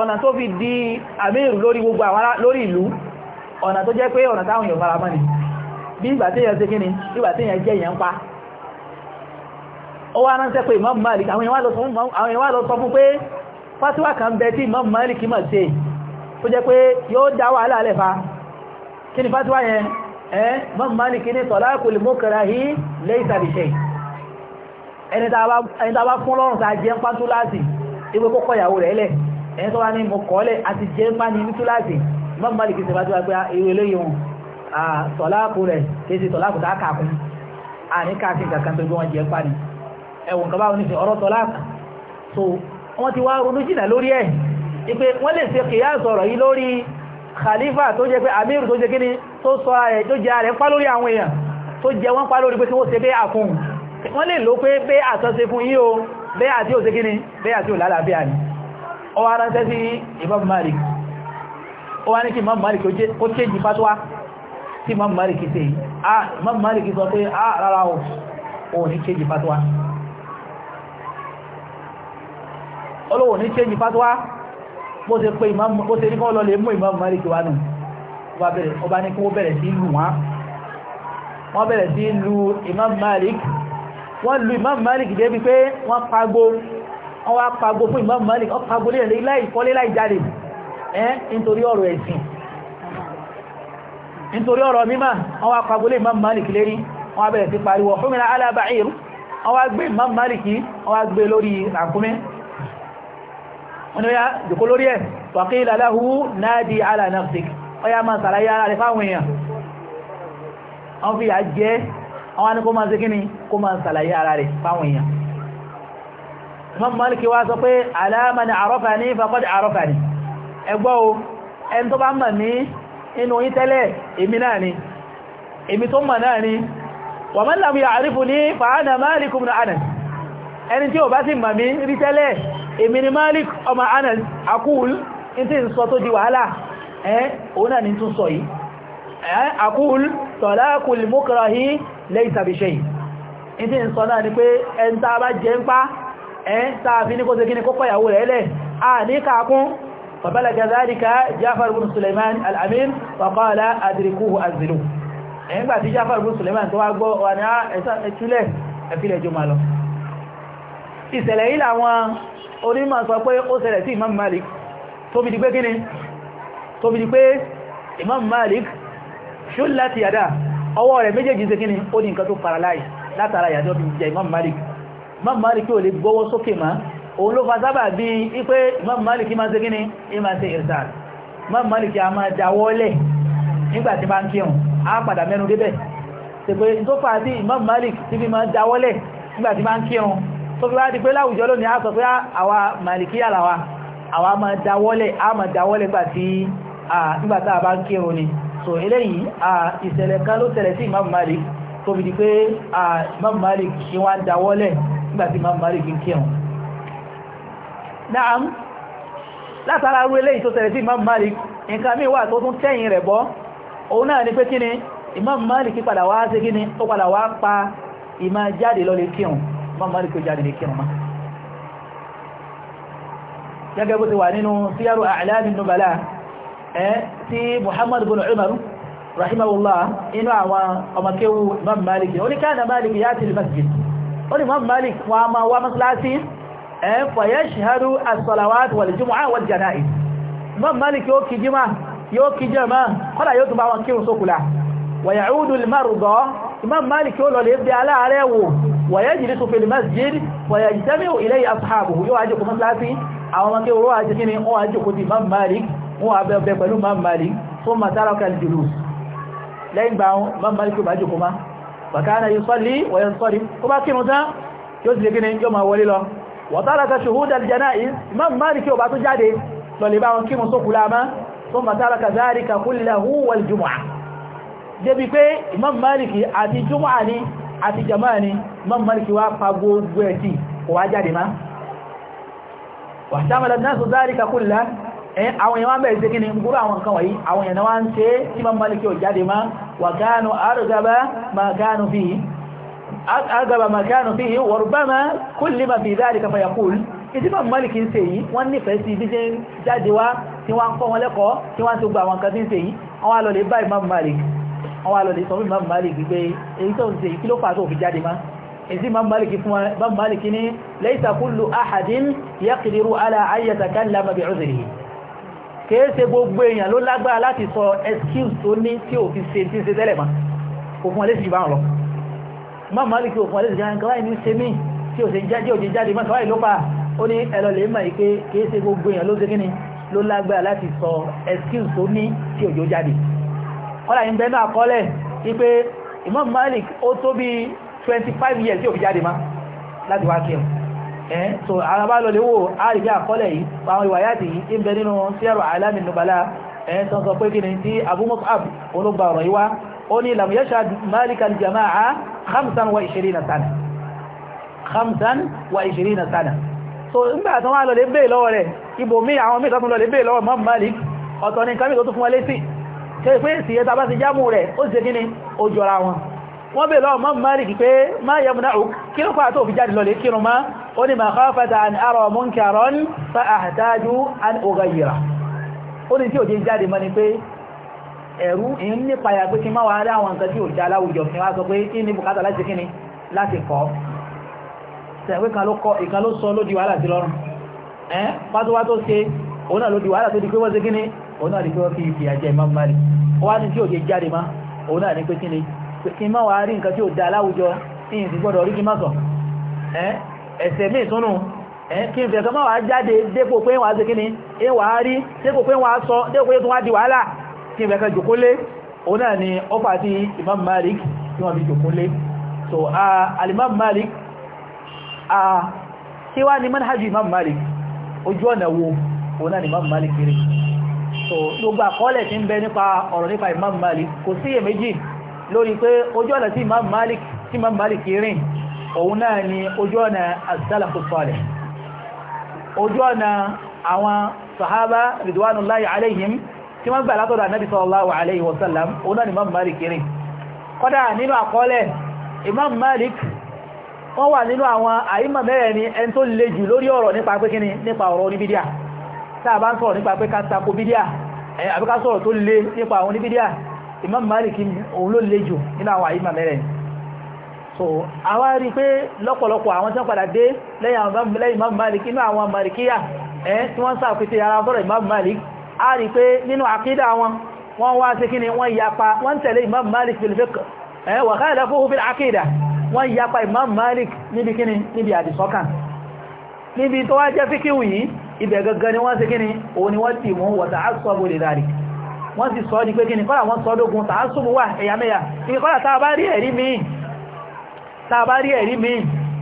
ọ̀nà tó fi di àmìrù lórí gbogbo àwọn lórí ìlú ọ̀nà tó jẹ́ pé ọ̀nà táwọn èèyàn fara mọ́ni bí ìgbà tí tó jẹ́ pé yóò dá wàhálà lẹ́fà kí ni fàtíwá yẹn ẹ́ mọ́mù máa ní kí ní talaqul mukrahi laysa bi shay ẹni tá bá fún lọ́rùn tàà jẹ́ ń pán túláàsì ìwé kọ́kọ́ ìyàwó rẹ̀ lẹ̀ ẹni tó wá ní mo kọ́ọ́lẹ̀ àti jẹ́ ń pán ní túláàsì mọ́mù máa ah, ní kí so wọ́n ti wá ronú jìnà ìpé wọ́n lè ṣe kìyà sọ̀rọ̀ yìí lórí khalifa tó jẹ́ pé amir tó jẹ́ kí ni tó sọ ààrẹ tó jẹ́ ààrẹ ń pá lórí àwọn èèyàn tó jẹ wọ́n pá lórí pé kí wọ́n ṣe bẹ́ àkún wọ́n lè ló pé bẹ́ àtọ́sẹ fún yí o bẹ́ àti òṣe kí ni bẹ́ àti òlàlàbíà ni ó wá ránṣẹ́ sí Imam Malik o ò bó ṣe pé ìmáàmù ó ṣe ní kọ́ lọ lè mú ìmáàmù Málíkì wá nù ọba ní kí wọ́n bẹ̀rẹ̀ sí lù wọ́n wọ́n bẹ̀rẹ̀ sí lu ìmáàmù Málíkì wọ́n lu ìmáàmù Málíkì débi pé wọ́n pagbo wọ́n wá pagbo fún ìmáàmù Málíkì wọ́n pagbo láì kọ́lé láì jáde ẹ́ nítorí ọ̀rọ̀ ẹ̀sìn nítorí ọ̀rọ̀ mímá wọ́n wá pagbo lé ìmáàmù Málíkì lérí wọ́n bẹ̀rẹ̀ sí pariwo fún mi wọ́n ni ó yá jòkó lórí ẹ̀ waqila lahu nadi ala nafsik ó yá máa sàlàyé ara rẹ̀ fáwọn èèyàn wọ́n fi yà jẹ́ àwọn anìkó máa ṣe kíni kó máa sàlàyé ara rẹ̀ fáwọn èèyàn Imam Maliki wá sọ pé ala man arafani inú yí tẹ́lẹ̀ èmi náà ni èmi tó mọ̀ náà ni wa man lam ya'rifni fa ana Malikum ibn ẹni tí ó bá sì màmí rí tẹ́lẹ̀ èmi ni Malik ọmọ Anas akúl ní tí ń sọ tó di wàhálà ẹ́ òun náà ni tún sọ yìí akúl talaqul mukrahi laysa bi shay' ní tí ń sọ náà ni pé ẹni tá a bá jẹ ń pa ẹ́ tá tí Jafar bin Suleiman tó wá gbọ́ wà ní ah, ẹ̀sán ẹ̀túlẹ̀ ẹ̀fílẹ̀ jùmọ̀ lọ ìṣẹ̀lẹ̀ yìí làwọn onímọ̀ sọ pé ó ṣẹlẹ̀ sí Imam Malik tó fi di pé kíni tó pé Imam Malik ṣú láti yàdá ọwọ́ rẹ̀ méjèèjì ṣe kíni ó di nǹkan tó paralyze látara yàjọ́ fi jẹ Imam Malik Imam Malik ò lè gbọ́wọ́ sókè mọ́ òun ló fa sábà bí i pé Imam Malik máa ṣe kíni ìmọ̀ ṣe ìrìsàn Imam Malik a máa jáwọ́lẹ̀ nígbàtí máa ń kírun a padà mẹ́nu débẹ̀ ṣe pé tó fà sí Imam Malik ti fi máa jáwọ́lẹ̀ nígbàtí máa ń kírun tó fi wá di pé láwùjọ lónìí a sọ pé àwa màlìkíyà làwa àwa ma dáwọ́lẹ̀ a ma dáwọ́lẹ̀ nígbàtà bá ń kírun ni so eléyìí ìṣẹ̀lẹ̀ kan ló tẹ̀lẹ̀ sí Imam Malik tó fi di pé Imam Malik kí wọ́n dáwọ́lẹ̀ nígbàtí Imam Malik ń kírun náà látara rú eléyìí tó tẹ̀lẹ̀ sí Imam Malik ni pé kíni ṣe wá pa ìmá jáde ìmọ̀ malik jáde lè kírun mọ́ gẹ́gẹ́ bó ti wà nínú síyàrù àìláàmì nubala ẹ́ tí muhammad bin umar rahimahullah inú àwọn ọmọkéwu imam malik ó ní káàdà malik yá ti lè masjid ó ní imam malik wọ́n a máa wá masalasi ẹ́ fọ̀yẹ́ ṣìhárú as-salawat wal jumu'ah wal janaiz imam malik yóò kí jima yóò kí jama kọ́dà yóò tún bá wọn kírun sókùlà wàyàúdù al-marda imam malik yóò lọlẹ̀ bí aláàrẹ̀ wò wọ̀yẹ́ jìrì tó fèlì masjid wọ̀yẹ́ ìtẹ́míò ilẹ̀ ashabu yóò ajé kò mọ́sílásí àwọn ọmọdé oró ajé kí ni wọ́n ajé kò ti imam malik wọ́n abẹ́bẹ̀ pẹ̀lú imam malik tó ma tára kan jùlù lẹ́yìn gbà imam malik yóò bá jù kúmá bàkánà yóò sọ́lí wọ̀yẹ́ sọ́lí kó bá kírun tán yóò sì imam malik yóò bá tó jáde débi pé imam maliki àti jùmọ́ ní àti jama ní imam maliki wá pa gbogbo ẹ̀tì kò wá jáde má wà sáàmàlá náà sọ záàrí kakúlá àwọn èèyàn bẹ̀rẹ̀ sí kíni gúrú àwọn nǹkan wáyí àwọn èèyàn wá ń ṣe tí imam maliki ò jáde má wà kánú àrùgaba makánú fi agaba makánú fi wọ̀rùbámá kúlì ma fi záàrí kafa yakúl ìdí imam maliki ń ṣe yìí wọ́n nífẹ̀ẹ́ sí bí jáde wá tí wọ́n kọ́ wọn lẹ́kọ̀ọ́ tí wọ́n ti gba àwọn nǹkan tí ń ṣe yìí àwọn alọ́lẹ̀ bá imam malik àwọn alọ́dẹ̀ sọ fún Imam Malik gbígbé èyí tó ń ṣe kí ló fà tó fi jáde má èsì Imam Malik fún Imam Malik ní laysa kullu ahadin yaqdiru ala an yatakallama bi'udhrihi kìí ṣe gbogbo èèyàn ló lágbára láti sọ excuse tó ní tí ò fi ṣe tí ṣe tẹ́lẹ̀ má òfin alẹ́sì bá ń lọ Imam Malik òfin alẹ́sì gan kawai ní ṣe mí tí ò ṣe jáde ò ṣe jáde má kawai ló gbogbo èèyàn ló lágbára láti sọ excuse tó ní tí òjò jáde kọ́lá yìí bẹ́ẹ̀ náà kọ́lẹ̀ wípé Imam Malik ó tó bí 25 years tí ò fi jáde má láti wá kí ẹ̀ so àwọn bá lọlé wò àrígbé àkọọ́lẹ̀ yìí àwọn ìwàyàtì yìí ń bẹ nínú Siyaru A'lami Nubala ẹ̀ tó sọ pé kí ni tí Abu Mus'ab olóògbà ọ̀rọ̀ yìí wá ó ní lam yashhad Malik al-jama'a khamsan wa ishirina sana khamsan wa ishirina sana so nígbà tó wá lọlé bẹ́ẹ̀ pé èsì ẹta bá ti jámù rẹ̀ ó ṣe kíni ó jọra wọn wọ́n bèèrè lọ́wọ́ mọ́mù malik pé má yẹ múná òk kí ló pàtó fi jáde lọlé kírun má ó ní makhafata an ara munkaron fa ahtaju an ughayira ó ní tí ò jẹ́ jáde mọ́ ni pé ẹ̀rú ìyẹn nípa ya pé kí má wà rá àwọn nǹkan tí ò já láwùjọ kí wá sọ pé kí ní bùkátà láti òun náà ló di wàhálà tó di pé wọ́n ṣe kí ni òun náà di pé wọ́n fi ìfìyà jẹ Imam Malik wọ́n á ní tí òye jáde má òun náà pé kí ni kí má wàá rí nǹkan tí ò da láwùjọ kí n sì gbọ́dọ̀ rí kí má sàn ẹ̀sẹ̀ míì túnú kí n fẹ̀kan má wàá jáde dépò pé wàá ṣe kí ni ẹ wàá rí dépò pé wàá sọ dépò pé tó wá di wàhálà kí n fẹ̀kan jòkó òun náà ni ọfà àti Imam Malik tí wọ́n fi jòkó so Al-Imam Malik kí wá ni manhaju Imam Malik ojú ọ̀nà wo òun náà ni Imam Malik kiri so gbogbo àkọọ́lẹ̀ tí ń bẹ nípa ọ̀rọ̀ nípa Imam Malik kò sí èméjì lórí pé ojú ọ̀nà tí Imam Malik tí Imam Malik kiri òun náà ni ojú ọ̀nà as-salafu salih ojú ọ̀nà àwọn sahaba ridwanullahi alayhim tí wọ́n gbà látọ̀dọ̀ Ànábì sallallahu alayhi wa sallam òun náà ni Imam Malik kiri kọ́dà nínú àkọọ́lẹ̀ Imam Malik wọ́n wà nínú àwọn àìmọ̀ mẹ́rẹ̀ ni ẹni tó le jù lórí ọ̀rọ̀ nípa pé nípa ọ̀rọ̀ oníbídíà tá a bá ń sọ̀rọ̀ nípa pé ká tako bídíà àbí ká sọ̀rọ̀ tó le nípa àwọn oníbídíà Imam Malik òun ló le jù nínú àwọn àyíma mẹ́rẹ̀ so àwa rí pé lọ́pọ̀lọpọ̀ àwọn tí wọ́n padà dé lẹ́yìn Imam Malik inú àwọn Malikiya tí wọ́n sàkúté ara sọ̀rọ̀ Imam Malik a rí pé nínú àkídà wọn wọ́n wá sí kí ni wọ́n yapa wọ́n Imam Malik fil fiqh wa khalafuhu fil àkídà wọ́n Imam Malik níbi kí ni níbi àdìsọ́kàn níbi tó wá jẹ́ fíkíwì yìí ibẹ̀ gangan ni wọ́n ṣe kíni O ni wọ́n ti mú wọ̀ta àṣọ́bù lè dárí wọ́n ti sọ di pé kíni kọ́lá wọ́n sọ dógún tààṣùbù wà ẹ̀yàmẹ́yà ní kọ́lá tàà bá rí ẹ̀rí míì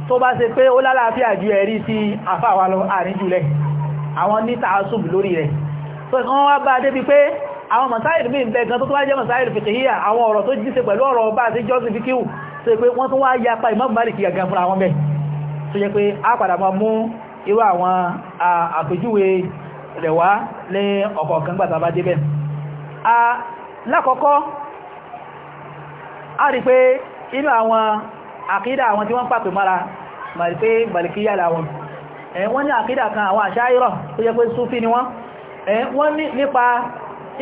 tó bá ṣe pé ó lálàáfíà ju ẹ̀rí sí àfáwà lọ àrin jùlẹ̀ àwọn ní tààṣùbù lórí rẹ̀ tó ẹ̀kan wọ́n wá bá débi pé àwọn masáìlì míì bẹ̀ padà máa mú irú àwọn àpèjúwe rẹ̀ wá ní ọ̀kọ̀ọ̀kan gbàtà bá débẹ̀ lákọ̀ọ́kọ́ a rí pé inú àwọn àkídà àwọn tí wọ́n pàpè mara mari pé malikiya láwọn wọ́n ní àkídà kan àwọn àṣáyírọ̀ tó jẹ́ pé súfí ni wọ́n wọ́n nípa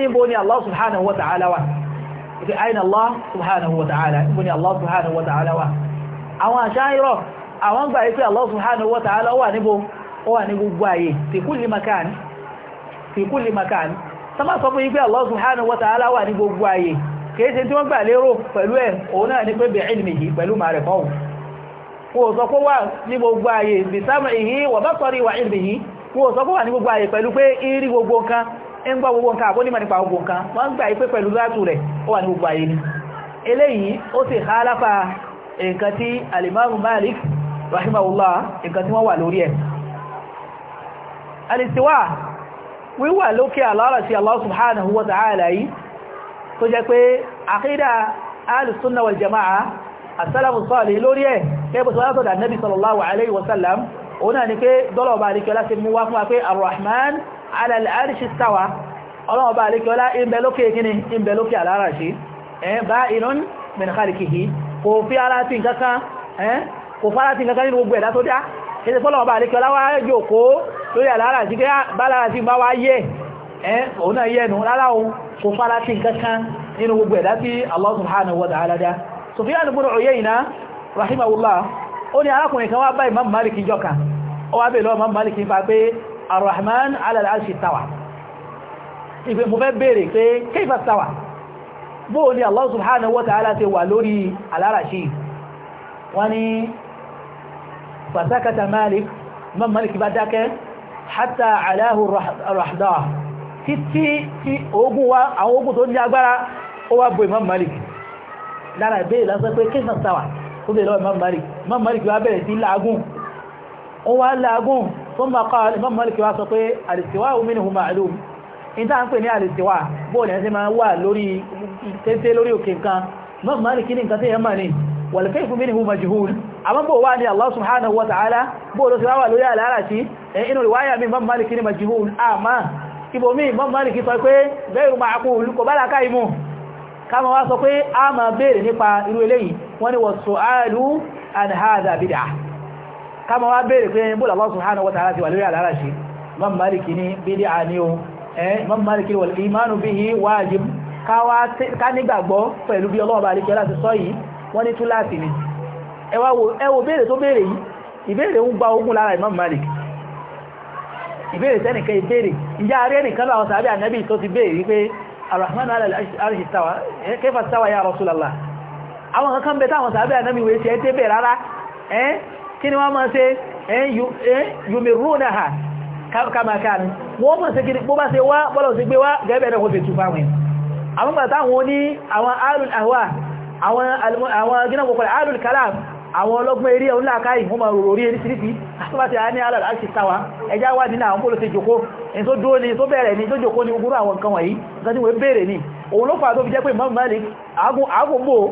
ìbò Allah subhanahu wa ta'ala wa ibi aina Allah subhanahu wa ta'ala ìbò Allah subhanahu wa ta'ala wa àwọn àwọn gbà yí pé Allah subhanahu wa ta'ala wà níbo ó wà ní gbogbo ayé fi kulli makan fi kulli makan sọ́mọ́ sọ fún yí pé Allah subhanahu wa ta'ala wà ní gbogbo ayé kìí ṣe tí wọ́n gbà lérò pẹ̀lú ẹ̀ òun náà ní pé bi ilmihi pẹ̀lú màrẹ̀ fọ́hùn wọ́n sọ pé wà ní gbogbo ayé bi sam'ihi wa basari wa ilmihi wọ́n pẹ̀lú pé nǹkan tí alimamu Malik rahimahullah nǹkan tí wọ́n wà lórí ẹ̀ alistiwa wíwà lókè alára sí Allah subhanahu wa ta'ala yìí tó jẹ́ pé àkídà alìsúnnà wal jama'a asálàmù sọ́ọ̀lì lórí ẹ̀ kẹ́bù tó látọ̀dà nabi sallallahu alaihi wasallam òun náà ni pé dọ́lọ̀ọba alikiola ti mú wá fún wa pé arrahman ala al-arshi istawa ọlọ́ọba fi ara ti nǹkan kan kò fara ti nǹkan nínú gbogbo ẹ̀dá tó dá ẹsẹ̀ fọ́lọ̀ ọba àríkẹ́ ọláwà jòkó lórí àlára sí bálára sí bá wá yẹ ẹ́ òun náà yẹ nù rárá òun kò fara ti nǹkan nínú gbogbo ẹ̀dá tí Allah subhanahu wa ta'ala dá bóò ni Allah subhanahu wa ta'ala ti wà lórí àlára sí wọ́n ni فسكت مالك imam malik bá dákẹ́ hátà aláhù ràhdá títí tí ogun wá àwọn ogun tó ní agbára ó wá bó imam malik lára ìbéèrè lásán pé kí sàtàwà tó lè lọ imam malik imam malik wá bẹ̀rẹ̀ sí láàgùn ó wá láàgùn tó ma kọ́ imam malik wá sọ pé alìsíwá omínú ma'lum in ta ń pè ní alìsíwá bóòlù ẹ̀ sí máa wà lórí tẹ́tẹ́ lórí òkè nǹkan imam malik ní nǹkan tí ẹ̀ mọ̀ ni والكيف منه مجهول اما بو واني الله سبحانه وتعالى بو لو سوا لو يا لاراتي انه روايه من امام مالك مجهول اما ibo mi imam malik sọ pé غير معقول kò bala kai mu kama wá sọ pé a máa béèrè nípa irú eléyìí wọ́n ní wasu'alu an hadha bid'ah kama wá béèrè pé bo Allah subhanahu wa ta'ala ti wa lórí alarashi imam malik ní bid'ah ni o eh imam malik wal iman bihi wajib ká wá ká ní gbàgbọ́ pẹ̀lú bí Ọlọ́run bá lè kẹ́ láti sọ wọ́n ní túláàsì ni ẹ wo béèrè tó béèrè yìí ìbéèrè ń gba ogún lára Imam Malik ìbéèrè sẹ́nìkan ìbéèrè ìyá arí ẹnìkan láwọn sàábí ànábì tó ti béèrè wípé arahman alìsí sáwà kẹfà sáwà ya Rasulullah àwọn kankan bẹ táwọn sàábí ànábì wé ṣe ẹ́ rárá ẹ́ kí ni wọ́n máa ṣe yumirunaha kamakan wọ́n máa ṣe kí bó bá ṣe wá bọ́lọ̀ sí gbé wá gẹ́gẹ́ bẹ̀rẹ̀ kò fi tú fáwọn àwọn gbà táwọn ní àwọn alùl ahwa àwọn gínàwó pẹ̀lú alul kalam àwọn ọlọ́gbọ́n eré ọ̀nà àkáyì wọ́n máa rọrọ̀ orí eré sírífì àtúbà ti a ní alàrà àti tàwà ẹjá wà nínú àwọn pólòsí jòkó ẹni tó dúró ní tó bẹ̀rẹ̀ ní tó jòkó ní ogúnrú àwọn nǹkan wọ̀nyí nǹkan tí wọ́n bèèrè ní òun ló fà tó fi jẹ́ pé Imam Malik àágùnbò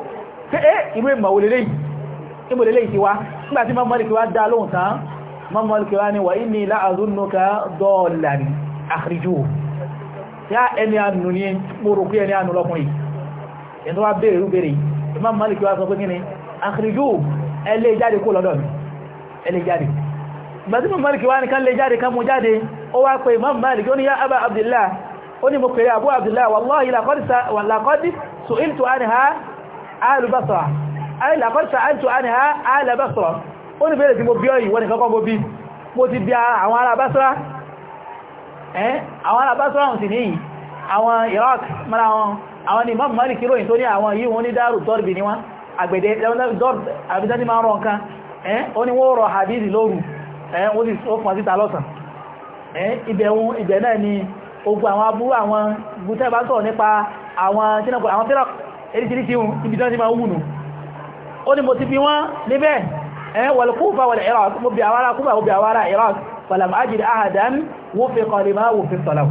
pé é ìlú ìmọ̀lélẹ́yìn ti wá nígbà tí Imam Malik wá dá lóhùn tán Imam Malik wá ní wà ní láàzúnnúka imam malik wá sọ pé kíni akhriju ẹlẹ́ jáde kó lọ́dọ̀ mi ẹlẹ́ jáde gbàtí imam malik wá ní ká lè jáde ká mú jáde ó imam malik ó ní ya abba abdullah ó ní mo pèrè abu abdullah wallahi laqad su'iltu anha ahlu basra ay laqad sa'altu anha ahlu basra ó ní bẹ̀rẹ̀ tí mo bí ọ̀yìn wọ́n ni kankan mo bí mo ti bí àwọn ará basra ẹ́ àwọn ará basra hùn sí níyìí àwọn Iraq mara wọn àwọn ni Imam Malik ròyìn tó ní àwọn yìí wọn ní dáàrù dọ́rbì ní wọn àgbẹ̀dẹ̀ àbídájí máa rọ nǹkan ẹ́ o ní wọ́n rọ hadithi lóru ẹ́ o sì fún síta lọ́sàn ẹ́ ibẹ̀un ibẹ̀ náà ni ogun àwọn abúrú àwọn gúúsẹ́ bá sọ̀rọ̀ nípa àwọn tínàkù àwọn tínàkù eríṣiríṣi ibi tán ti máa wùnù ó ní mo ti fi wọ́n níbẹ̀ ẹ́ wal Kufa wal Iraq mo bí àwárá Kufa mo bí àwárá Iraq falam ajid ahadan wufiqa lima wufiqa lahu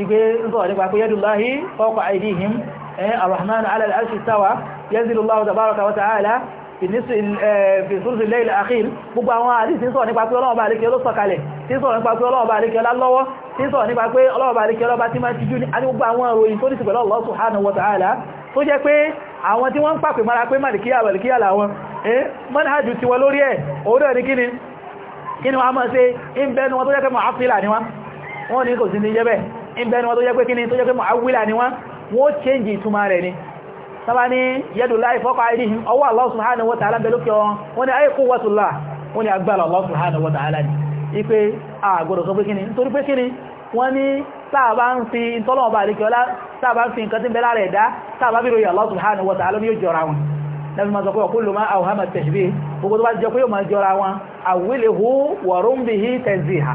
igbe ń sọ̀rọ̀ nípa pé yadullahi fawqa aydihim arrahman ala al-arshi istawa yanzilullahu tabaraka wa ta'ala fi sùrùsù ilẹ̀ ilẹ̀ àkíl gbogbo àwọn àdísí sọ nípa pé ọlọ́ọ̀bá àríkẹ́ ló sọ̀kalẹ̀ tí sọ nípa pé ọlọ́ọ̀bá àríkẹ́ ọlá lọ́wọ́ tí sọ nípa pé ọlọ́ọ̀bá àríkẹ́ ọlọ́bá tí máa ti jú ní gbogbo àwọn ìròyìn tó nìsí pẹ̀lú Allah subhanahu wa ta'ala tó jẹ́ pé àwọn tí wọ́n ń pàpè mara pé màlìkíyà màlìkíyà làwọn eh manhajù tiwọn lórí ẹ̀ wọ́n ní kò sí ní jẹ́bẹ̀ ìbẹ̀ni wọ́n tó jẹ́ pé kí ni tó jẹ́ pé mu'awwila ni wọ́n wọ́n change ìtumà rẹ̀ ni sábà ní yadullahi fawqa aydihim ọwọ́ Allah subhanahu wa ta'ala bẹ̀lú kí wọ́n ni ay quwwatullah wọ́n ni agbára Allah subhanahu wa ta'ala ni ipe àgbọ̀dọ̀ sọ pé kí ni nítorí pé kí ni wọ́n ni sáàbá ń fi ìtọ́lọ̀ọba àríkẹ́ọlá sáàbá ń fi nǹkan bí gbogbo tó bá jẹ́ pé yóò máa jọra wọn àwílèhú wa rumbihi tanziha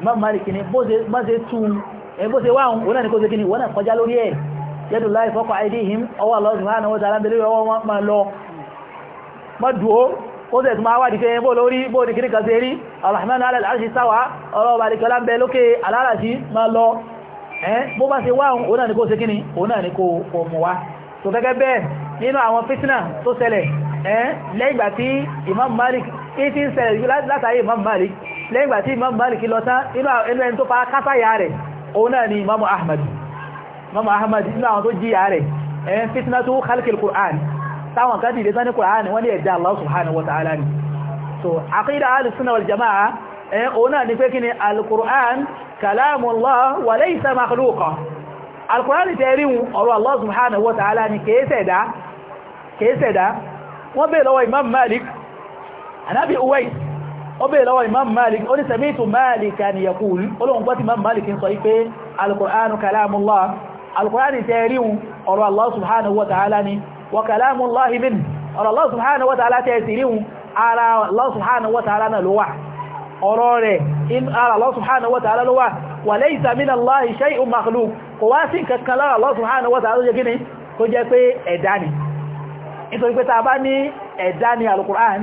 Imam Malik ní bó ṣe tún bó wáhùn òun náà ni kó ṣe kí ni wọ́n náà kọjá lórí ẹ̀ yẹ́dù láì fọ́kọ̀ àìdíhìm ọwọ́ Allah subhanahu wa ta'ala lórí ọwọ́ wọn máa lọ mọ́dùó ó sì ẹ̀tùmọ̀ àwádìí fẹ́ bó lórí bó ní kìríkà sí rí Ar-Rahmanu 'ala al-'arshi istawa ni kó ni kó mọ̀ wá tó gẹ́gẹ́ bẹ́ẹ̀ nínú àwọn fitna Imam Malik kí ti ń ṣẹlẹ̀ látàrí Imam Malik lẹ́yìn ìgbà tí imam malik lọ tán inú ẹni tó pa kásàyà rẹ̀ òun náà ni imam ahmad imam ahmad inú àwọn tó jíyà rẹ̀ ẹ̀yẹn fitnatu khalqil qur'an táwọn kan dìde sani qur'an wọ́n ni so aqida ni wọ́n bèèrè lọ́wọ́ imam malik anabi uwais ọbẹ̀ lọ́wọ́ imam malik ó ní sami'tu malikan yaqul olóhun gbọ́ tí imam malik ń sọ ipé alkùránù kalamullah alkùránì tẹ́ríun ọ̀rọ̀ allah subhanahu wa ta'ala ni wa kalamullahi min ọ̀rọ̀ allah subhanahu wa ta'ala tẹ́sìríun ara allah subhanahu wa ta'ala na lówà ọ̀rọ̀ rẹ̀ in ara allah subhanahu wa ta'ala lówà wa laysa min allahi shay'un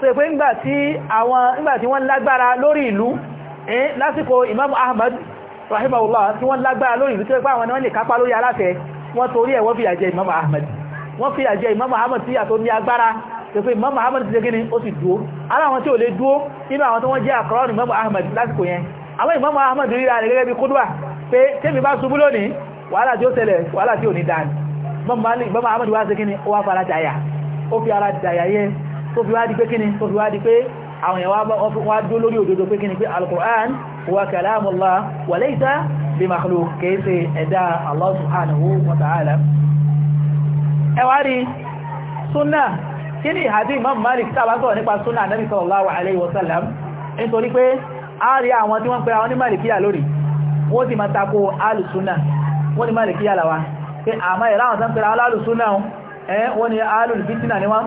tó yẹ pé nígbà tí wọ́n lágbára lórí ìlú lásìkò Imam Ahmad rahimahullah tí wọ́n lágbára lórí ìlú tó yẹ pé àwọn wọ́n lè kápá lórí aláṣẹ wọ́n torí ẹ̀ wọ́n fi àjẹ Imam Ahmad wọ́n fi aje Imam Ahmad tí àtò ni agbára tó pé Imam Ahmad ti gíní ó sì dúó ara wọn tí ò lè dúó nínú àwọn tó wọ́n jẹ́ àkọrọ́nù Imam Ahmad lásìkò yẹn àwọn Imam Ahmad rí ra rẹ̀ gẹ́gẹ́ bí kúdùwà pé tẹ́mi bá ṣubú lónìí wàhálà tí ó tẹ́lẹ̀ wàhálà tí ò ní dáa Imam Ahmad wá sí gíní ó wá fara jaya ó fi ara dàyà yẹn tó fi wá di pé kíni tó fi wá di pé àwọn èèyàn wá dó lórí òdodo pé kíni pé al-Qur'an huwa kalamullah wa laysa bi makhluq kìí ṣe ẹ̀dá Allah subhanahu wa ta'ala ẹwà rí súnà kí ni ìhàdí Imam Malik tàbá sọ̀rọ̀ nípa súnà Nabi sallallahu alaihi wasallam nítorí pé a rí àwọn tí wọ́n pẹ́ àwọn ní Malikiya lórí àmá ìráwọn tán pẹ̀lú alùsúnà wọ́n ni alùlùbítínà ni wọ́n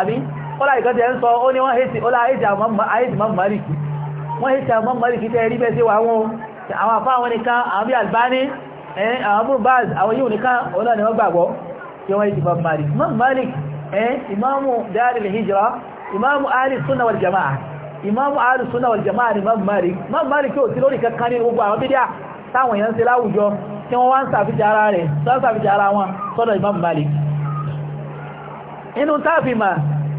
àbí kọ́lá ìkan tẹ́ ń sọ ó ní wọ́n hẹ́sì ọlá àìsì àwọn mọ́mọ́rìkì wọ́n hẹ́sì àwọn mọ́mọ́rìkì tẹ́ rí bẹ́ẹ̀ sí wà wọn àwọn afá àwọn nìkan àwọn bí Albani àwọn burbaz àwọn yíò nìkan ọlá ni wọ́n gbàgbọ́ tí wọ́n hẹ́sì mọ́mọ́rìkì mọ́mọ́rìkì imamu daril hijra imamu ahli sunna wal jamaa imamu ahli sunna wal jamaa ni mọ́mọ́rìkì mọ́mọ́rìkì ò sí lórí kankan ní gbogbo àwọn bídíà táwọn èèyàn ṣe láwùjọ tí wọ́n wá ń sàfíjà ara rẹ̀ sọ́sàfíjà ara wọn sọ́dọ̀ imamu Malik inú táàfin máa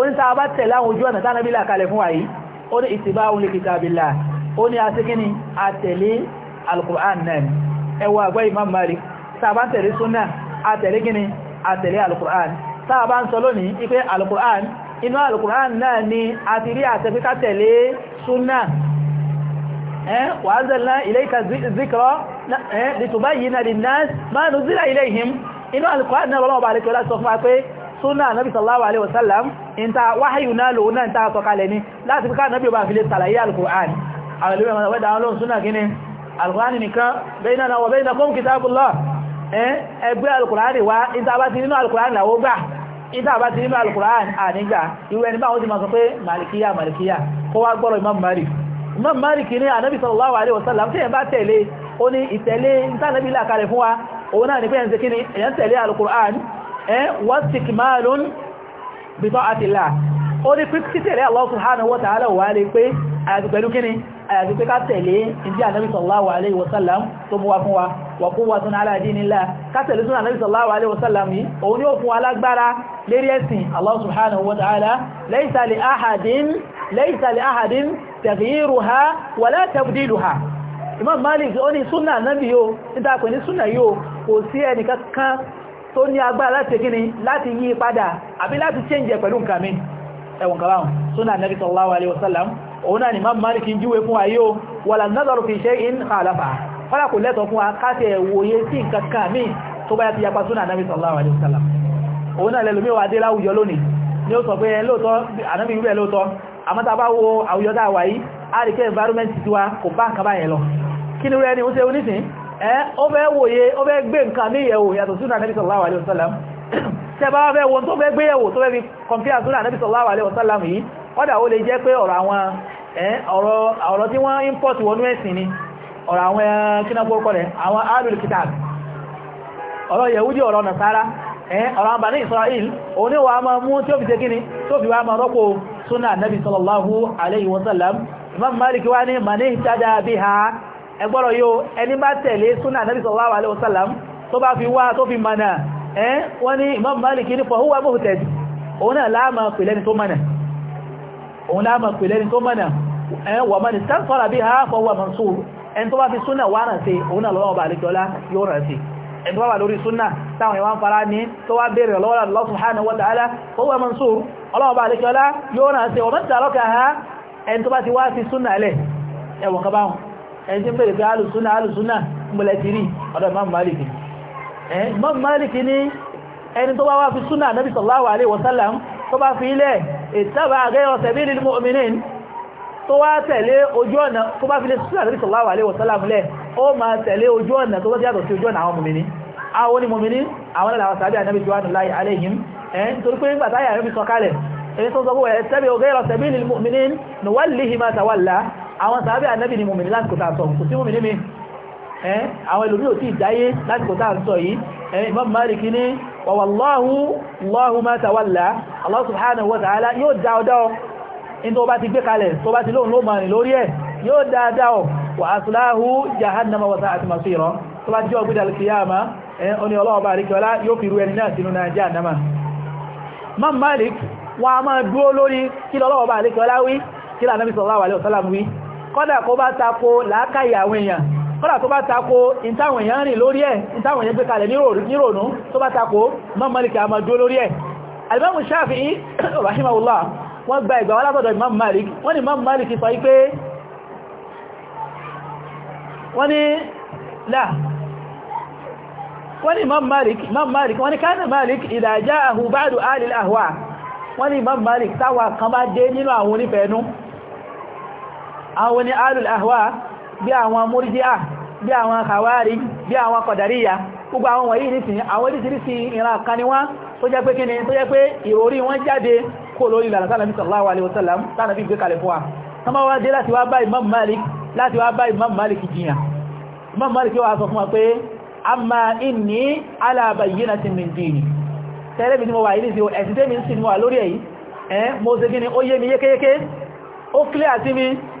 ó ní sáà bá tẹ̀lé àwọn ojú ọ̀nà tánàbí là kalẹ̀ fún wa yìí ó ní ìtìbá òun lè kitabillah ó ní asíkíní àtẹ̀lé alukur'an náà ẹ wo àgbà Imam Malik sáà bá tẹ̀lé súnà àtẹ̀lé kíní àtẹ̀lé alukur'an sáà bá ń sọ lónìí ipé alukur'an inú alukur'an náà ni a rí àtẹ̀fíkà ما نزل إليهم inú alìkọ́ánà ọlọ́wọ́ bá alìkọ́ láti sọ fún wa pé súnà anábì sallallahu alaihi wasallam in ta wáhayù náà lòun náà ta sọ kalẹ̀ ni láti píká anábì bá fi lè sàlàyé alkùnrin àwọn ilé mẹ́ta wẹ́dà àwọn lóhun súnà gíní alkùnrin nìkan bẹ́ẹ̀nà wọ bẹ́ẹ̀nà kún kitabullah ẹgbẹ́ alkùnrin wá in ta bá ti nínú wa òun náà ní pé ẹ̀ ń ṣe kí ni ẹ̀yàn Eh, wastikmalun bi ta'atillah ó ní pé títẹ̀lé Allah subhanahu wa ta'ala wà lè pé àyàfi pẹ̀lú kíni àyàfi pé ká tẹ̀lé ìdí ànábì sallallahu alaihi wasallam tó mú wa fún wa wa quwwatun ala dinillah ká tẹ̀lé sún ànábì sallallahu alaihi wasallam yìí òun ni ó fún alágbára lérí ẹ̀sìn Allah subhanahu wa ta'ala laysa li ahadin laysa li ahadin taghyiruha wala tabdiluha Imam Malik ó ní súnà náà yóò níta pè ní súnà yóò kò sí ẹnìkan tó ní agbára láti gíní láti yí padà àbí láti change pẹ̀lú nǹkan mi ẹwọ̀n kàbáhùn súnà Nabi sallallahu alaihi wasallam òun náà ni máa Málíkì júwe fún ayó wala nazaru fi shay'in khalafa fọ́lá kò lẹ́tọ̀ fún akáti ẹ̀wòye sí nǹkan kan mi tó alaihi wasallam òun náà lẹ́lùmí wà dé láwùjọ lónìí ni ó sọ pé ẹ lóòtọ́ ànábì wíwẹ̀ lóòtọ́ àmọ́ tá bá wo àwùjọ dáa wáyé á rí pé environment tiwa kí ni rẹ ni ó ṣe onísìn ọbẹ̀ wòye ọbẹ̀ gbé nǹkan ní ìyẹ̀wò yàtọ̀ sí náà nẹ́bìsọ̀ láwà alẹ́ òsàlám ọ fẹ́ wọn tó fẹ́ gbéyẹ̀wò tó fẹ́ fi kọmpíà sí náà nẹ́bìsọ̀ láwà alẹ́ òsàlám yìí kọ́dà ó lè jẹ́ pé ọ̀rọ̀ àwọn ọ̀rọ̀ tí wọ́n import wọnú ẹ̀sìn ni ọ̀rọ̀ àwọn kínápórúkọ rẹ̀ àwọn alùlùkítàbì imam malik ẹgbọ́rọ̀ yóò ẹni bá tẹ̀lé súnà Nabi sallallahu alaihi wasallam tó bá fi wá tó fi mana ẹ́ wọ́n ní Imam Malik ní fọ̀húwà muhtad òun náà láàmà pèlẹ́ni tó mana òun láàmà pèlẹ́ni tó mana wa man istansara biha fahuwa mansur ẹni tó bá fi súnà wà rántí òun náà lọ́wọ́ bá àlejọ́lá yóò rántí ẹni tó bá wà lórí súnà táwọn ìwọ̀n fara ní tó wá bèèrè lọ́wọ́ Allah subhanahu wa ta'ala fahuwa mansur ọlọ́wọ́ bá àlejọ́lá yóò rántí wa man tarakaha ẹni tó bá ti wá fi súnà lẹ̀ ẹwọ̀n kabáhùn ẹni tí ń bèèrè pé alùsúnà alùsúnà múlẹ̀ ti rí ọ̀dọ̀ Imam Malik Imam Malik ní ẹni tó bá wá fi súnà Nabi sallallahu alaihi wasallam tó bá fi ilẹ̀ ittaba ghayra sabilil mu'minin tó wá tẹ̀lé ojú ọ̀nà tó bá fi lè súnà Nabi sallallahu alaihi wasallam lẹ̀ ó máa tẹ̀lé ojú ọ̀nà tó bá yàtọ̀ sí ojú ọ̀nà àwọn mùmìnì àwọn onímọ̀mìnì àwọn ìlànà sàbí ànábì tí wà ní láì aléhìm àwọn sàábé ànábì ni mùmìnì láti kòtà sọ kò sí mùmìnì mi àwọn ìlú yóò tí ìdáyé láti kòtà sọ yìí Imam Malik ní wàwàláhù lọ́hù máa tàwàlá Allah subhanahu wa ta'ala yóò dá ọdá ọ in tó bá ti gbé kalẹ̀ tó bá ti lóhun ló mọ̀rin lórí ẹ̀ yóò dáadáa ọ wà aslahu jahannama wa sa'at masira tó bá jẹ́ ọgbídà al-qiyama oní ọlọ́ọ̀bá àríkọ́lá yóò fi rú ẹni náà sínú náà jahannama Imam Malik wọ́n a máa dúó lórí kí lọ́lọ́ọ̀bá àríkọ́lá wí kí lànàbí sallallahu alaihi wí kọ́dà kó bá tako làákàyè àwọn èèyàn kọ́dà kó bá tako ìtàwọn èèyàn rìn lórí ẹ̀ ìtàwọn èèyàn gbé kalẹ̀ nírònú tó bá tako mọ́mọ́lìkì àmàdó lórí ẹ̀ alimamu Shafi'i rahimahullah wọ́n gba ìgbà alátọ̀dọ̀ imam Malik wọ́n ni imam Malik sọ ipé wọ́n ni láà wọ́n ni imam Malik imam Malik wọ́n ni kana Malik idha ja'ahu ba'du alil àwọn ní alul ahwa bí àwọn murji'ah bí àwọn khawarij bí àwọn kọ̀dàríyà gbogbo àwọn wọ̀nyí nìsìn àwọn oríṣiríṣi ìran kan ni wọ́n tó jẹ́ pé kíni tó jẹ́ pé ìròrí wọn jáde kó lórí ìlànà tánàbí sallallahu alaihi wasallam tánàbí gbé kalẹ̀ fún wa wọ́n máa wá dé láti wá bá imam malik láti wá bá imam malik jiyàn imam malik wá sọ fún wa ó yé mi mi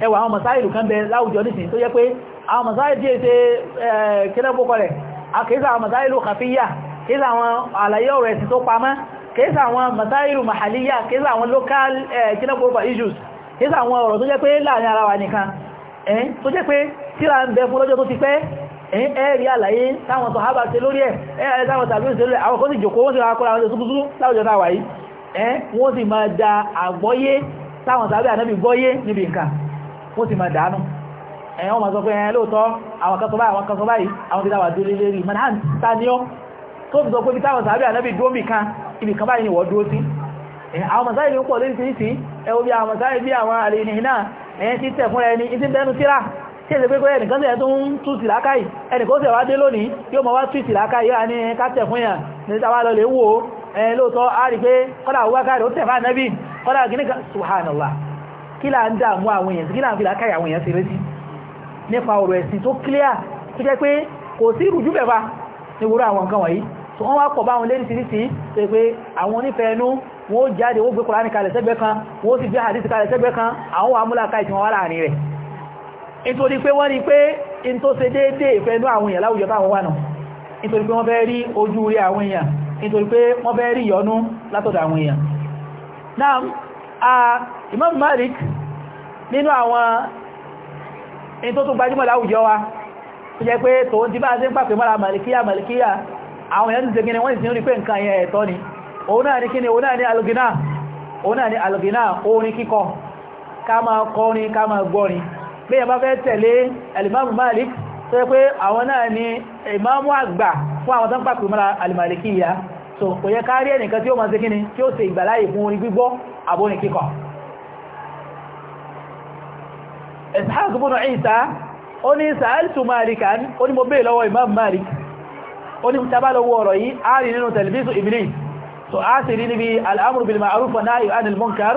ẹwà àwọn masáìlù kan bẹ láwùjọ nìsìn tó yẹ pé àwọn masáìlù díẹ̀ ṣe kílẹ́gbókọ rẹ̀ kìíṣà àwọn masáìlù kàfíyà kìíṣà àwọn àlàyé ọ̀rọ̀ ẹ̀sìn tó pamọ́ kìíṣà àwọn masáìlù mahaliya kìíṣà àwọn local kílẹ́gbókọ issues kìíṣà àwọn ọ̀rọ̀ tó jẹ́ pé láàrin ara wa nìkan tó jẹ́ pé tíra ń bẹ fún lọ́jọ́ tó ti pẹ́ ẹ̀rí àlàyé táwọn sọ̀hábà ṣe lórí ẹ̀ ẹ̀rí táwọn tàbí ṣe lórí àwọn kan sì jòkó wọ́n sì ra kọ́ra àwọn ìṣẹ́sùkúsú láwùjọ táwà yìí wọ́n sì máa da àgbọ́yé táwọn tàbí ànábì gbọ́yé níbi nǹkan ó si máa dànù ẹ̀yàn ma sọ pé ẹ̀yàn lóòtọ́ àwọn kan sọ àwọn kan sọ àwọn ti dáwà dúró lérí tó fi sọ pé títàwọn sàábì ànábì dúró mì kan ibi kan báyìí ni wọ́n dúró sí àwọn masáyì ní pọ̀ lórí sí sí ẹwọ́ bí àwọn masáyì bí àwọn náà ti tẹ̀ fún ẹni síra tí pé ń tú sí wá dé lónìí yóò mọ̀ wá tú sí yóò ní fún yàn kí là ń dààmú àwọn èèyàn sí kí là ń fi làákàyè àwọn èèyàn sí retí nípa ọ̀rọ̀ ẹ̀sìn tó clear tó jẹ́ pé kò sí ìrùjú bẹ̀fà ní wúrú àwọn nǹkan wọ̀nyí so wọ́n wá pọ̀ bá wọn lé nítìrìtì tó pé àwọn onífẹ́ ẹnu wọ́n jáde wọ́n gbé Kùránì kalẹ̀ sẹ́gbẹ́ kan wọ́n sì gbé hadisi kalẹ̀ sẹ́gbẹ́ kan àwọn wà múlá káì tí wọ́n wá láàrin rẹ̀ Imam Malik nínú àwọn in tó tún gbajúmọ̀ láwùjọ wa tó jẹ́ pé tó ń ti bá ṣe ń pàpẹ mọ́ra Malikiya Malikiya àwọn èèyàn ti gini wọ́n ti rí pé nǹkan yẹn ẹ̀tọ́ ni òun náà ni kíni òun náà ni algina òun orin kíkọ ká máa kọrin ká máa gbọ́rin bí yẹn bá fẹ́ tẹ̀lé alimamu Malik tó jẹ́ pé àwọn náà ni imamu àgbà fún àwọn tó ń pàpẹ mọ́ra alimalikiya so kò yẹ kárí ẹnìkan tí ó máa ṣe kíni tí ó ṣe ìgbàláyè fún orin gbígbọ́ àbórin kíkọ Ishaq ibn Isa ó ní sa'altu Malikan ó ní mo bèè lọ́wọ́ Imam Malik ó ní tabalọ́wọ́ ọ̀rọ̀ yìí a rí nínú Talbisu Iblis so a sì rí níbi al'amur bil ma'ruf wa nahy anil munkar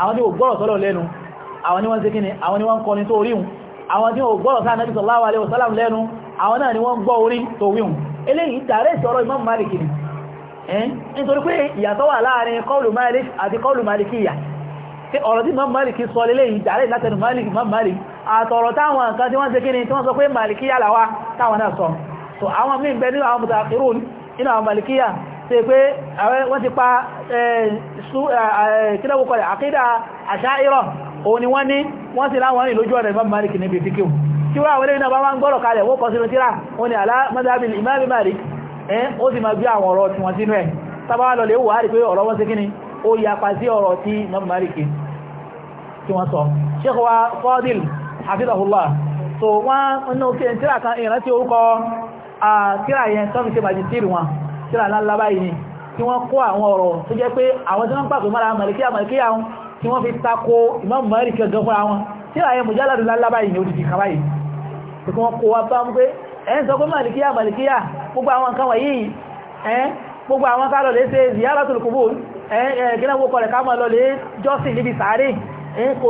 àwọn ni ò gbọ́rọ̀ sọ́lọ̀ lẹ́nu àwọn ni wọ́n ṣe kíni àwọn ni wọ́n kọni tó oríhun àwọn tí ò gbọ́rọ̀ sáà Nabi sallallahu alaihi wasallam lẹ́nu àwọn náà ni wọ́n gbọ́ orí tó wíhun eléyìí tààrẹ́ ìṣọ́rọ̀ Imam Malik ni nítorí pé ìyàtọ̀ wà láàrin kọlù Malik àti kọlù Malikiyya tí ọ̀rọ̀ tí Imam Malik sọ léyìí tààrẹ́ látẹnu Malik Imam Malik àtọ̀rọ̀ táwọn nǹkan tí wọ́n ṣe kíni tí wọ́n sọ pé Malikiyya làwá táwọn náà sọ so àwọn míì bẹ nínú àwọn mùtàkìrún nínú àwọn se pé wọ́n ti pa kílẹ̀wòkọ̀ àkídà àṣáírọ̀ òun ni wọ́n ní wọ́n sì láwọn rìn lójú ọ̀nà Imam Malik níbi fíkíù tí wọ́n àwọn ilẹ̀ bá wọ́n gbọ́rọ̀ kalẹ̀ wó kọsínú tíra wọ́n ni alá madhabi Imam Malik ẹ́ ó sì máa bí àwọn ọ̀rọ̀ tí wọ́n sínú ẹ̀ sábáwá lọ lè wà rí pé ọ̀rọ̀ wọ́n sí kíni ó yapa sí ọ̀rọ̀ tí Imam Malik tí wọ́n sọ Sheikh wa Fadil hafizahullah so wọ́n nínú tíra kan ìrántí orúkọ tíra yẹn tó fi ṣe màjì tíri wọn tíra lálá báyìí ni tí wọ́n kó àwọn ọ̀rọ̀ tó jẹ́ pé àwọn tí wọ́n pàtó mọ́ra màlìkíyà màlìkíyà wọn tí wọ́n fi tako Imam Malik gan fúnra wọn tíra yẹn mùjálàdù lálá báyìí ni ó ti fi kà báyìí tí wọ́n kó wá bá ń pé ẹ̀ ń sọ pé màlìkíyà màlìkíyà gbogbo àwọn nǹkan wọ̀nyí ẹ̀ gbogbo àwọn ká lọ́lẹ̀ ṣe ziyaratul qubur gínàwó kọlẹ̀ ká mọ́ lọ́lẹ̀ jọ́sìn níbi sàárè kò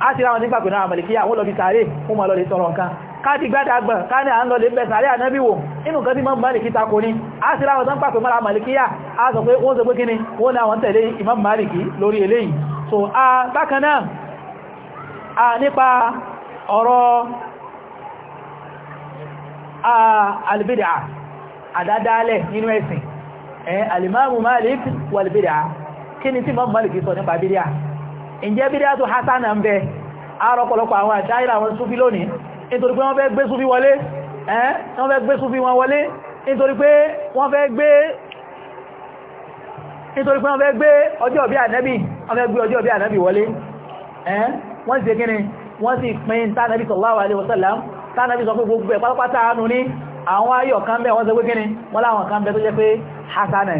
a ti ráwọn nígbàkùn náà màlìkíyà wọ́n lọ bí sàárè fún ma lọ lè tọrọ nǹkan káàkiri gbádà agbọ̀n ká ní à ń lọ lè bẹ̀ sàárè ànábì wò inú kan tí mọ́ màlìkí tako ní a ti ráwọn tán pàpẹ mọ́ra màlìkíyà a sọ pé wọ́n sọ pé kíni wọ́n ní àwọn tẹ̀lé Imam Màlìkí lórí eléyìí so a bákan a nípa ọ̀rọ̀ albid'a àdádálẹ̀ nínú ẹ̀sìn Al-Imam Màlìkí wal bid'a kí ni tí mọ́ màlìkí sọ nípa bid'a ǹjẹ́ bídíà tó hasana ń bẹ arọ́pọ̀lọpọ̀ àwọn àdáyìrà àwọn súfí lónìí nítorí pé wọ́n fẹ́ gbé súfí wọlé ẹ́ wọ́n fẹ́ gbé súfí wọn wọlé nítorí pé wọ́n fẹ́ gbé ọjọ́ bí ànábì wọ́n fẹ́ gbé ọjọ́ bí ànábì wọlé ẹ́ wọ́n sì kíni wọ́n sì pín tánàbí sallallahu alaihi wasallam tánàbí sọ pé gbogbo ẹ̀ pátápátá ánú ní àwọn ayọ̀ kan bẹ́ wọ́n sọ pé kíni wọ́n láwọn kan bẹ́ tó jẹ́ pé hasana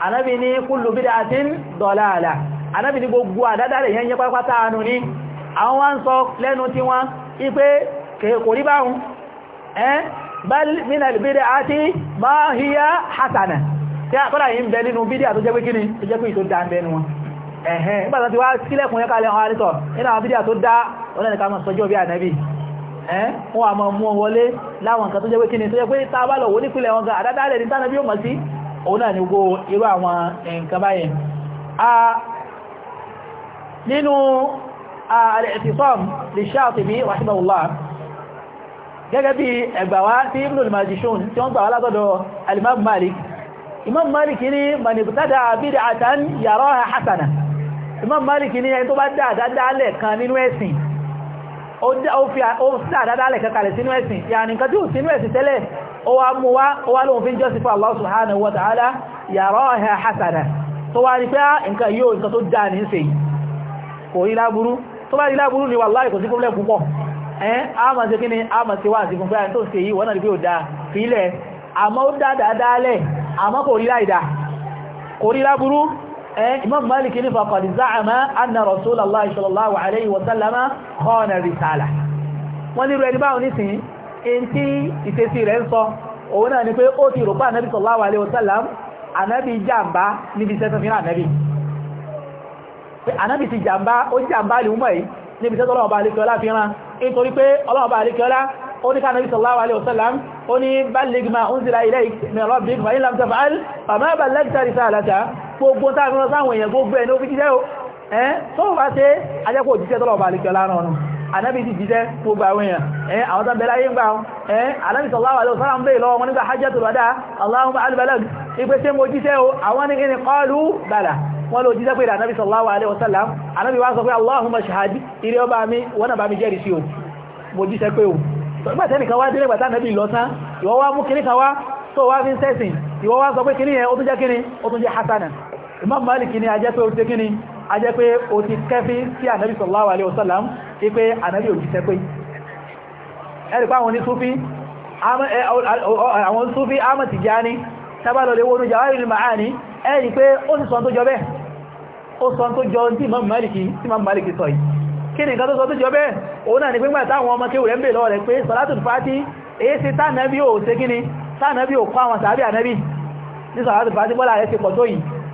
anábi ní kúlù bídá àti dọ̀láàlá anábi ní gbogbo àdádálẹ̀ yẹn yẹ pátápátá anú ní àwọn wá ń sọ lẹ́nu tí wọ́n ipé kò rí báhùn ẹ́n bal min al bídá àti ma hiya hasana tí a kọ́lá yìí ń bẹ nínú bídá tó jẹ́ pé kíni tó jẹ́ pé ìtò dáa ń bẹnu wọn ẹ̀hẹ́ nígbàtà ti wá sílẹ̀kùn yẹ́ kalẹ̀ ọ̀hán àrítọ̀ nínú àwọn bídá tó dá ọlọ́nìká mọ̀ sọjọ́ bí ànábì wọ́n a mọ̀ mú wọlé láwọn nǹkan tó jẹ́ pé kíni tó jẹ́ pé tábàlọ̀ wó nípìnlẹ̀ wọn gan àdádálẹ̀ ní tánàbí ó mọ̀ sí òun náà ni gbó irú àwọn eh, nǹkan báyẹn nínú al-i'tisam li Shatibi rahimahullah gẹ́gẹ́ bí ẹgbàwá tí Ibn al-Majishun tí wọ́n gbàwá látọ́dọ̀ al-Imam Malik Imam Malik ní man ibtada'a bid'atan yaraha hasana Imam Malik ní ẹni tó bá dáadáa lẹ́ẹ̀kan nínú ẹ̀sìn ó fi àdáadáa lẹ́ẹ̀kan kalẹ̀ sínú ẹ̀sìn ó wá mú wá ó wá lóun fi jọ́sí fún Allah subhanahu wa ta'ala yaraha hasana tó wá rí pé ah, nǹkan yóò nǹkan tó dáa ní ń ṣe kò rí láburú tó bá rí ni wallahi kò sí problem púpọ̀ ẹ́n a máa ṣe kíni a máa ṣe wá sí fún pé àyíkò ṣe yìí wọ́n náà rí pé ò dáa fílẹ̀ àmọ́ ó dáadáa dáálẹ̀ àmọ́ kò rí láìdá kò rí láburú Imam Malik ní faqad za'ama anna Rasulullah sallallahu alaihi wa sallama khana risala wọ́n ní rẹ̀ ní báwọn nísìnyí in tí ìtẹ́sí rẹ̀ ń sọ òun náà ni pé ó ti rọ̀pá ànábì sallallahu alaihi wasallam ànábì jàmbá níbi sẹ́tọ̀ fíra ànábì ànábì ti jàmbá ó jàmbá lè mọ́ yìí níbi sẹ́tọ̀ ọlọ́ọ̀bá alékiọlá fíran nítorí pé ọlọ́ọ̀bá alékiọlá ó ní kánàbí sallallahu alaihi wasallam ó ní balligh ma unzila ilayk min rabbik fa in lam taf'al fama ballaghta risalata gbogbo táàrin lọ sáwọn èèyàn gbogbo ẹ̀ ní ó fi jíṣẹ́ o ẹ́ anábì ti jíṣẹ́ gbogbo àwọn èèyàn ẹ́ àwọn tán bẹ̀rẹ̀ ayé ń gbà wọn ẹ́ anábì sallallahu alaihi wasallam ń bèèrè lọ́wọ́ wọn nígbà hajjatul wada allahumma albalag ipé tí mo jíṣẹ́ o àwọn ní kíni qalu bala wọ́n ló jíṣẹ́ pé anábì sallallahu alaihi wasallam anábì wá sọ pé allahumma shahadi ire ọba mi wọ́n bá mi jẹ́rìí sí o mo jíṣẹ́ pé o nígbà tẹ́nìkan wá délé gbàtà anábì lọ tán ìwọ Imam Malik ni a jẹ́ pé ó ti kíni a jẹ́ pé ó ti kẹfí sí ànábì sallallahu alaihi wasallam ipé ànábì òjíṣẹ́ pé ẹ̀rìpá àwọn Sufi Ahmad Tijani tábàlọ̀lẹ̀ wọnú Jawahirul Ma'ani ẹ̀rì pé ó sì sọ́n tó jọ bẹ́ẹ̀ ó sọ́n tó jọ tí Imam Malik tí Imam Malik sọ yìí kí ni nǹkan tó sọ tó jọ bẹ́ẹ̀ òun náà ni pín gbàtà àwọn ní Salatul Fati bọ́lá rẹ̀ ṣe pọ̀ tó yìí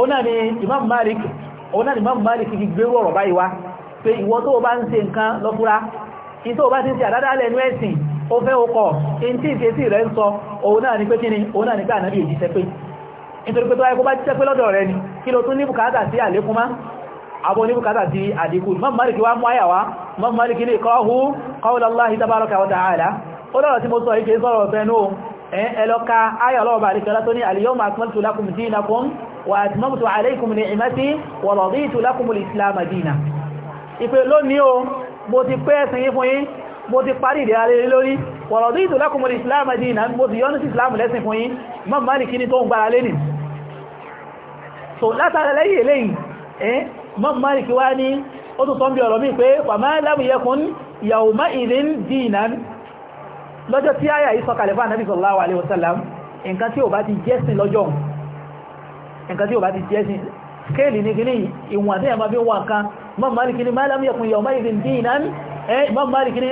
ọ̀nà ni Imam Malik ọ̀nà ni Imam Malik ti gbé ọ̀rọ̀ báyìí wá pé ìwọ tó bá ń ṣe nǹkan lọ́fúra ìtò bá ti ń ṣe àdádá lẹ́nu ẹ̀sìn ó fẹ́ okọ̀ in tí ìfẹ́ sí ni pé kí ni òun náà ni pé ànábì òjíṣẹ́ pé nítorí pé tó wáyé kó bá jíṣẹ́ pé lọ́dọ̀ rẹ̀ ni kí ló tún ní bùkátà sí àlékúnmá àbọ̀ Imam Malik wá mú àyà wá Imam Malik ní wa ta'ala ó lọ́rọ̀ tí mo sọ ìkè sọ́rọ̀ ọ̀fẹ́ nú ẹlọ́ka ayà ọlọ́ọ̀bà àríkẹ́lá tó ní al-yawma akmaltu lakum dinakum واتممت عليكم نعمتي ورضيت لكم الاسلام دينا ipe lónìí o mo ti pé ẹ̀sìn yín fún yín mo ti parí ìdí alẹ́ lórí wọ̀rọ̀dí ìtòlákùnmù islam dínà mo ti yọ́nù sí islam lẹ́sìn fún yín mọ́ mọ́ ní kíní tó ń gbára lé nì so látara lẹ́yìn eléyìn eh mọ́ mọ́ ní kí wá ní ó tún sọ bí ọ̀rọ̀ mi pé wàmá lámùyẹkùn yàwùmá ìdín dínà lọ́jọ́ tí àyà yìí sọ kàlẹ́fà nàbí sallallahu alaihi wasallam nǹkan tí ò bá ti jẹ́sìn lọ́jọ́ nǹkan tí ò bá ti jẹ́ sí kéèlì ní kíní ìwọ̀n tí ẹ̀mà bí wà kan Imam Malik ní ma lam yakun yawma'idhin dinan eh, Imam Malik ní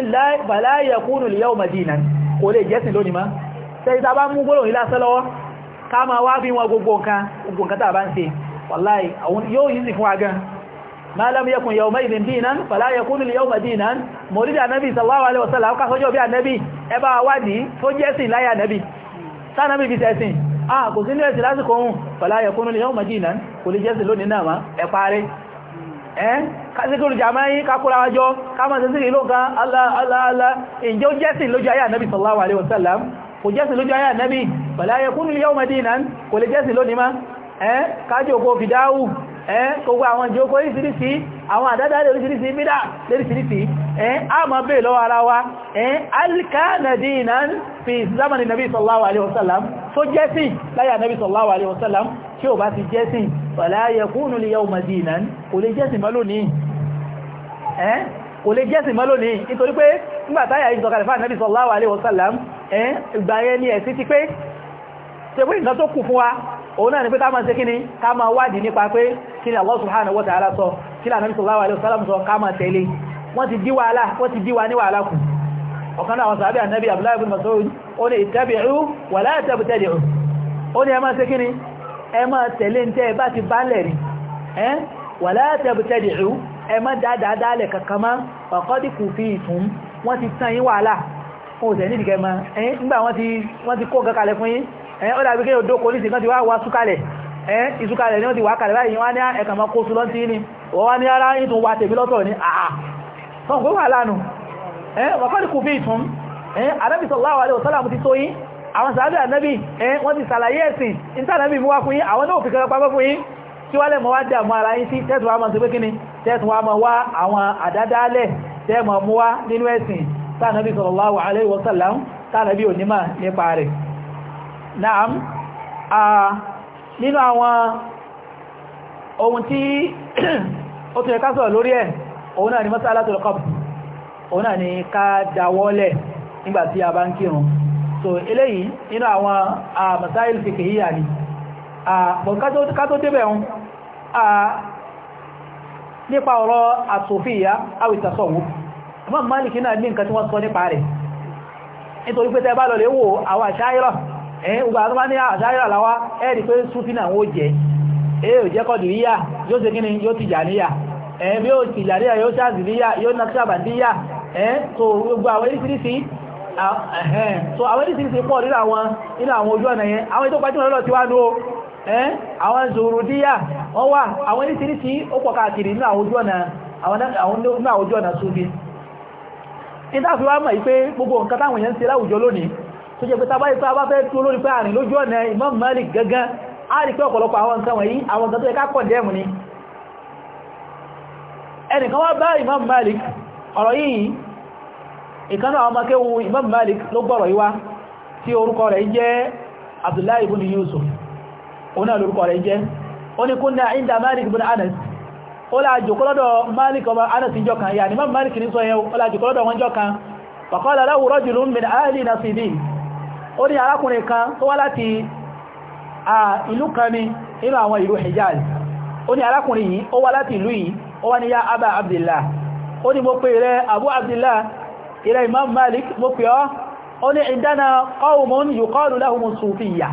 fala yakunu al-yawma dinan kò lè jẹ́sìn lónìí ma tẹ́ ìta bá mú gbọ́lọ̀ ilá sọ́lọ́wọ́ ká ma wá bí wọn gbogbo nǹkan gbogbo nǹkan tàbá ń ṣe wallahi yóò yìí sì fún agán ma lam yakun yawma'idhin dinan fala yakunu al-yawma dinan mọ̀lídà anábì sallallahu alaihi ah kò sí ní ẹ̀sì lásìkò ohun fala yakunu al-yawma dinan kò lè jẹ́sì lónìí náà má ẹ parí ẹ́ kásíkòrò jàmáyí kákúra wájọ́ káàmà sí sí ìlú kan Allah Allah Allah ìjọ jẹ́sì lójú ẹ́ gbogbo àwọn ìjókòó oríṣiríṣi àwọn àdádálẹ̀ oríṣiríṣi bídá lóríṣiríṣi ẹ́ a mọ̀ bèè lọ́wọ́ ara wa ẹ́ alkanadi na fi zamani nabi sallallahu alaihi wasallam tó jẹ́sìn láyà nabi sallallahu alaihi wasallam tí ó bá ti jẹ́sìn wala yakunu liyawma dinan kò lè jẹ́sìn mọ́ lónìí ẹ́ kò lè jẹ́sìn mọ́ lónìí nítorí pé nígbàtáyà ìjọkàlẹ̀fà ṣe pé nǹkan tó kù fún wa òun náà ni pé ká máa ṣe kí ni ká máa wádìí nípa pé kí ni Allah subhanahu wa ta'ala sọ kí ni Ànábì sallallahu alaihi wasallam sọ ká máa tẹ̀lé wọ́n ti dí wàhálà wọ́n ti dí wa ní wàhálà kù ọ̀kan náà àwọn sàábì ànábì Abdullahi ibn Mas'ud ó ní ittabi'u wa la tabtadi'u ó ní ẹ máa wọ́n ti tán yín wàhálà fún òṣèlú ìdìgẹ́mọ́ nígbà wọ́n ti kó kankalẹ̀ fún yín ó dàbí kí yóò dókò ní ìsìnkán ti wá wá súkàlẹ̀ ìsúkàlẹ̀ ni wọ́n ti wá kàlẹ̀ báyìí wọ́n ní ah, ẹ̀kàn mọ́ kó sú lọ́ntí ní wọ́n wá ní ara yìí tún wá tèmi lọ́tọ̀ ní àà ah, ah. wọ́n kó wà lánù wọ́n kọ́ ní kù fi ìtún anábì sallallahu alaihi wasallam ti tó yín àwọn sàábì anábì wọ́n ti sàlàyé ẹ̀sìn ìtànábì mú wá fún yín àwọn náà fi kẹrẹ pamọ́ fún yín kí wá lẹ́mọ̀ wá dà mọ́ ara yín sí tẹ́tù wá mọ́ sí pé kíni tẹ́tù wá mọ́ wá àwọn àdádálẹ̀ tẹ́mọ̀ mú wá nínú ẹ̀sìn tànábì sallallahu alaihi wasallam tànábì onímọ̀ nípa rẹ̀ naam a nínú àwọn ohun tí ó tún ẹ̀ká sọ̀rọ̀ lórí ẹ̀ òun náà ni masalatul qabr òun náà ni ká dáwọ́lẹ̀ nígbàtí a bá ń kírun so eléyìí nínú àwọn masáìl fiqhiyya ni ká tó débẹ̀ hun nípa ọ̀rọ̀ àsòfíyà àwìtàsọ̀wò Imam Malik náà ní nǹkan tí wọ́n sọ nípa rẹ̀ nítorí pé tẹ́ bá lọ lè wo àwọn ẹ̀yìn gbogbo àwọn bá ní àṣáyà làwá ẹ̀rì pé súfínà ó jẹ́ èyí ò jẹ́ kọ̀dìríyà yóò ṣe kíni yóò tìjàníyà ẹ̀yìn bí ó tìjàníyà yóò ṣàzìríyà yóò nàkṣàbàdíyà ẹ̀yìn tó gbogbo àwọn oríṣiríṣi so àwọn oríṣiríṣi pọ̀ nínú àwọn nínú àwọn ojú ọ̀nà yẹn àwọn ètò pàjùmọ̀ lọ́lọ́ ti wá o ẹ́n àwọn zòrùdíyà wọ́n wà àwọn oríṣiríṣi ó pọ̀ káàkiri nínú àwọn ojú ọ̀nà àwọn tó jẹ́ pé tàbáyé tó a bá fẹ́ tó lórí pé àrìn lójú ọ̀nà Imam Malik gangan a rí pé ọ̀pọ̀lọpọ̀ àwọn nǹkan wọ̀nyí àwọn nǹkan tó yẹ ká pọ̀ ni ẹnìkan wá bá Imam Malik ọ̀rọ̀ yìí ìkaná àwọn makéwu Imam Malik ló gbọ́rọ̀ yìí wá tí orúkọ rẹ̀ jẹ́ Abdullahi ibn Yusuf òun náà lórúkọ rẹ̀ jẹ́ ó ní kúnnà inda Malik ibn Anas ó láàjòkọ́lọ́dọ̀ Malik ọmọ Anas ìjọ kan yà ní Imam Malik ní sọ yẹn ó láàjòkọ́lọ́dọ̀ wọn jọ ó ní arákùnrin kan tó wá láti ìlú kan ní inú àwọn ìlú Hijaz ó ní arákùnrin yìí ó wá láti ìlú yìí ó wá ní ya Aba Abdillah ó ní mo pè rẹ Abu Abdillah ilẹ̀ Imam Malik mo pè ọ́ ó ní indana qawmun yuqalu lahumu Sufiyya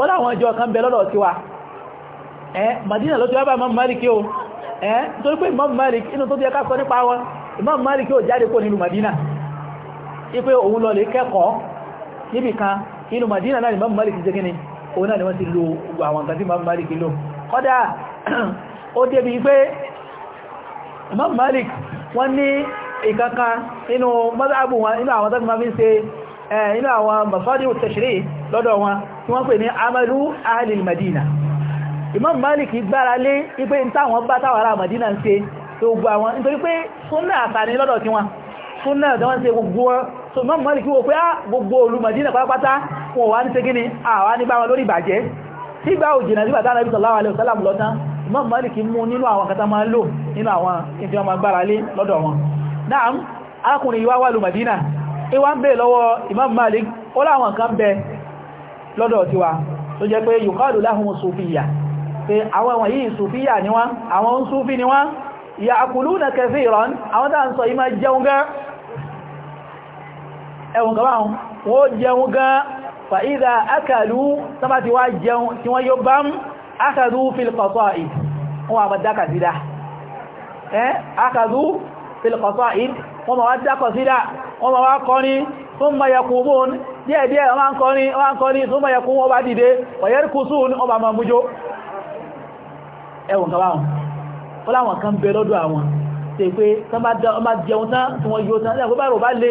ó láwọn Madina ló ti Imam Malik o ẹ Imam Malik inú tó bí Imam Malik yóò jáde kó Madina ipé òun lọ lè kẹ́kọ̀ọ́ níbi kan inú Madina náà ni Imam Malik jẹ́ gíní òun náà ni wọ́n ti lo àwọn nǹkan tí Imam Malik lò kọ́dá ó débi pé Imam Malik wọ́n ní ìkankan inú mọ́sáàbù wọn inú àwọn tọ́gbọ́n fi ń ṣe inú àwọn masọ́dí tashri' lọ́dọ̀ tí wọ́n pè ní Madina Imam Malik gbára lé ipé ń táwọn Madina ń ṣe gbogbo àwọn nítorí pé súnnà àtàní lọ́dọ̀ tí wọn súnnà tí wọ́n ṣe gbogbo so Imam Malik wò pé ah, gbogbo olú Madina pátápátá wọn wá ní ṣe gíní àwá ní bá wọn lórí ìbàjẹ́ tí gbá òjìnà sí bàtà Nabi sallallahu alaihi wasallam lọ́tán Imam Malik mú nínú àwọn kata máa lò nínú àwọn ìfẹ́ ọmọ agbára lé lọ́dọ̀ wọn náà arákùnrin yìí wá wà lù Madina ìwá ń bè lọ́wọ́ Imam Malik ó ni wọ́n àwọn ń súfí ni wọ́n ya'kuluna kathiran àwọn tàà ń sọ ìmá ẹwùn gaba wọn ó jẹun gan fa'ida akàlú sábà ti wá jẹun tí wọ́n yóò bám akàlú filkọ̀tọ̀ id wọ́n wà dákà sídá akàlú filkọ̀tọ̀ id wọ́n ma wá dákọ̀ sídá wọ́n ma wá kọrin tó ma yẹkù bóòn díẹ̀díẹ̀ wọ́n kọrin wọ́n ma yẹkù wọ́n bá dìde wọ̀yẹ́rìkùsùn wọ́n fọ́láwọn kan bẹ àwọn tẹ́ pé tán jẹun tán tí wọ́n yóò tán lẹ́gbẹ́ bá rò bá lè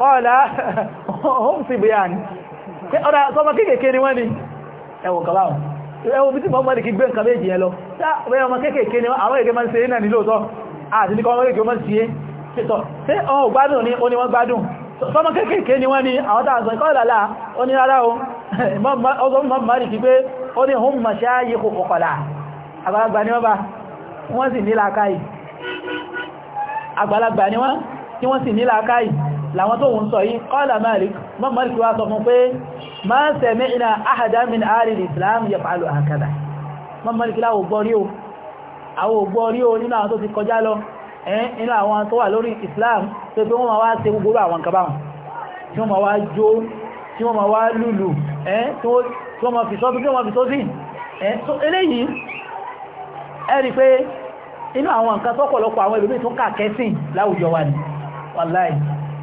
kọ́ọ̀lá ohun sí bí yáni ọ̀dá sọmọ kéèkéé ni wọ́n ni ẹwọ kọláwọ̀ ẹwọ bí tí mọ́ mọ́dé kí gbé nǹkan méjì yẹn lọ ọmọ kéèkéé ni àwọn èké máa ń ṣe náà ní lóòtọ́ àti ní kọ́mọ́ kéèkéé máa ń ṣe ṣe ọ̀hún gbádùn ní oní wọ́n gbádùn sọmọ kéèkéé ni wọ́n ni àwọn tààzọ kọ́ọ̀lá oní rárá ọgbọ́n mọ́ mọ́dé kí pé ó ní ohun mọ̀ ṣáá yí kò kọ̀kọ̀lá àgbàlagbà ni wọ́n bá wọ́n sì ní làákàyè àgbàlagbà ni wọ́n tí wọ́n sì ní làákàyè láwọn tó wùn sọ yìí qala Malik mọ́ Malik wá sọ fún pé ma sami'na ahadan min ahli Islam yaf'alu hakadha mọ́ Malik láwọ̀ gbọ́rí o àwọ̀ gbọ́rí o nínú àwọn tó ti kọjá lọ inú àwọn tó wà lórí Islam tó pé wọ́n ma wá ṣe gbogbo àwọn kaban tí wọ́n ma wá jó tí wọ́n ma wá lùlù tí wọ́n ma fi sọ́bí tí wọ́n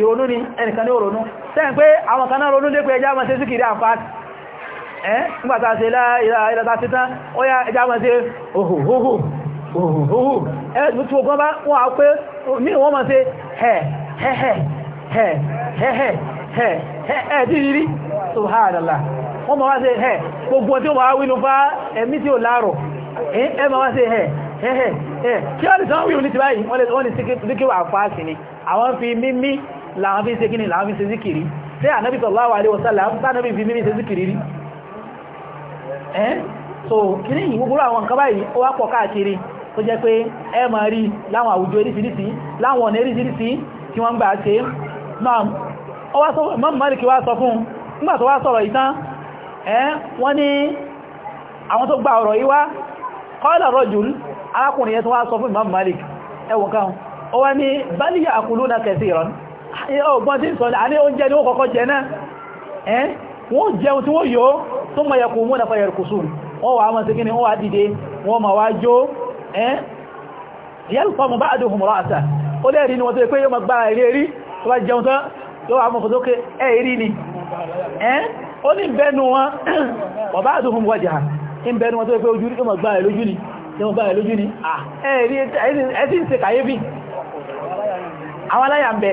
ìrònú ni ẹnìkan ní òrònú sẹ́yìn pé àwọn kan náà ronú lépe ẹjá mọ́ sí síkìrí àpáàtì ẹ́ nígbàtà sí ìlàta títán ó yá ẹjá mọ́ sí òhòhòhò òhòhòhò ma wá sí ẹ̀ gbogbo kí wọ́n lè sọ́wọ́n wíwú ní ti báyìí wọ́n lè síkí wà ni àwọn fi mímí làwọn fi ń ṣe kí zikiri tí alaihi wasallam fi zikiri so kí ní ìwúgbúrú àwọn nǹkan báyìí ó wá pọ̀ káàkiri tó jẹ́ pé ẹ máa rí láwọn erisirisi eríṣiríṣi won gba eríṣiríṣi tí wọ́n gbà so sọ fún nígbà tó wá sọ̀rọ̀ ìtàn ẹ́ wọ́n ní àwọn tó gba ọ̀rọ̀ yìí wá qala arákùnrin tó wá sọ fún ọgbọ́n tí ń sọ àní oúnjẹ ni ó kọ́kọ́ jẹ náà ẹ́ wọ́n jẹun tí wọ́n yọ tó mọ̀ yẹkù mú nàfà yẹ̀rù kùsùn wọ́n wà mọ̀ sí kí ni wọ́n wà dìde wọ́n ma wá jó ẹ́ yẹ́rù fọ́mù bá àdúhùn rọ́ àṣà ó lẹ́rí ni wọ́n tó pé yóò ma gbá eré rí tó bá jẹun tán yóò wà mọ̀ fòsókè ẹ̀ rí ni ẹ́ ó ní bẹnu wọn wọ́n bá àdúhùn wọ́jà ń bẹnu àwọn aláyà ń bẹ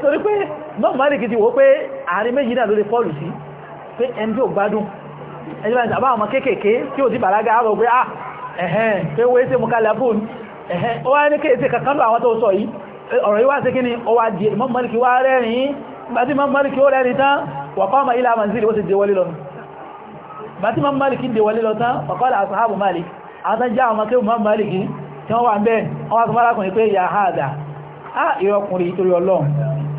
torí pé mọ́mù Málíkì ti wò pé àárín méjì náà ló lè fọ́ọ̀lù sí pé ẹni tí ó gbádùn ẹjọ́bá ìjọba àwọn kéèkèé tí ó ti bàlágà rọ̀ ah, pé ah ẹ̀hẹ́n pé wé sí mọ́kànlábùn ẹ̀hẹ́n ó wá ní kéèsì kankan lọ àwọn tó sọ yìí ọ̀rọ̀ yìí wá sí kíni ó wá di mọ́mù Málíkì wá rẹ́rìn bàtí mọ́mù Málíkì ó rẹ́rìn tán wa qama ila manzili ó sì dé wọlé lọ bàtí mọ́mù Málíkì dé wọlé lọ tán wa qala ashabu Malik àwọn tán já àwọn kéèkù mọ́mù Málíkì tí wọ́n wà ń bẹ́ẹ̀ ah ìrọkùnrin ìtorí ọlọ́run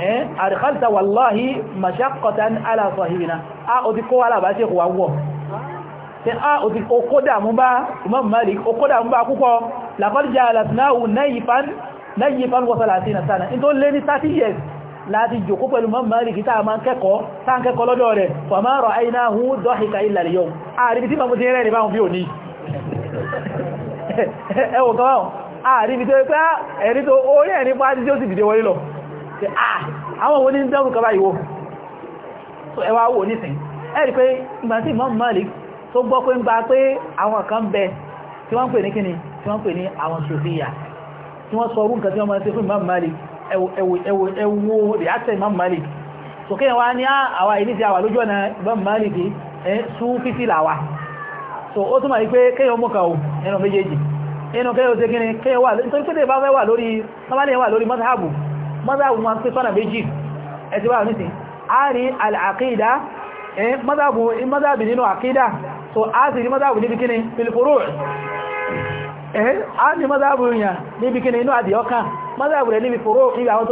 eh àdìkálta wàláhí mashakọtan aláfàhìrìnà ah o ti kó alábáṣẹ́ kò wá wọ́ ah o ti kó dàmú bá Imam Malik o kó dàmú bá púpọ̀ lakọ́dìjà alàfináhù náyìfán wọ́sàlásínà sánà in tó lé ní 30 years láti jòkó pẹ̀lú Imam Malik tàà máa kẹ́kọ̀ọ́ tàà kẹ́kọ̀ọ́ lọ́dọ̀ rẹ̀ fàmà rọ̀ àìnáhù dọ́hìkà illa liyawm ah, àríbí tí ma mú ti rẹ̀ rí báhùn bí ò ní ẹwọ̀ gan àríbi ah, tó pé ah, ẹ̀rí tó orí ẹ̀rí pàtí tí ó sì dìde wọlé lọ ah, àwọn wo ní dẹ́rù kaba ìwò ẹwà wò nísìn ẹ̀rí pé ìgbà tí Imam Malik tó gbọ́ pé ń gba pé àwọn kan bẹ tí wọ́n pè ní kíni tí wọ́n pè ní àwọn sofiya tí wọ́n sọ orú tí wọ́n fún a so inú kẹ́yọ̀ tẹ́ gíní kẹ́yọ̀ wà nítorí pé bá wà lórí sábàlẹ̀ wà lórí mazhabu mazhabu wọn pé sọ́nà méjì ẹ̀sì a rí al'aqida mazhabu mazhabi nínú aqida so a sì níbi kíní a ní mazhabu yàn níbi kíní inú àdìyọ́kà mazhabu rẹ̀ níbi furu níbi àwọn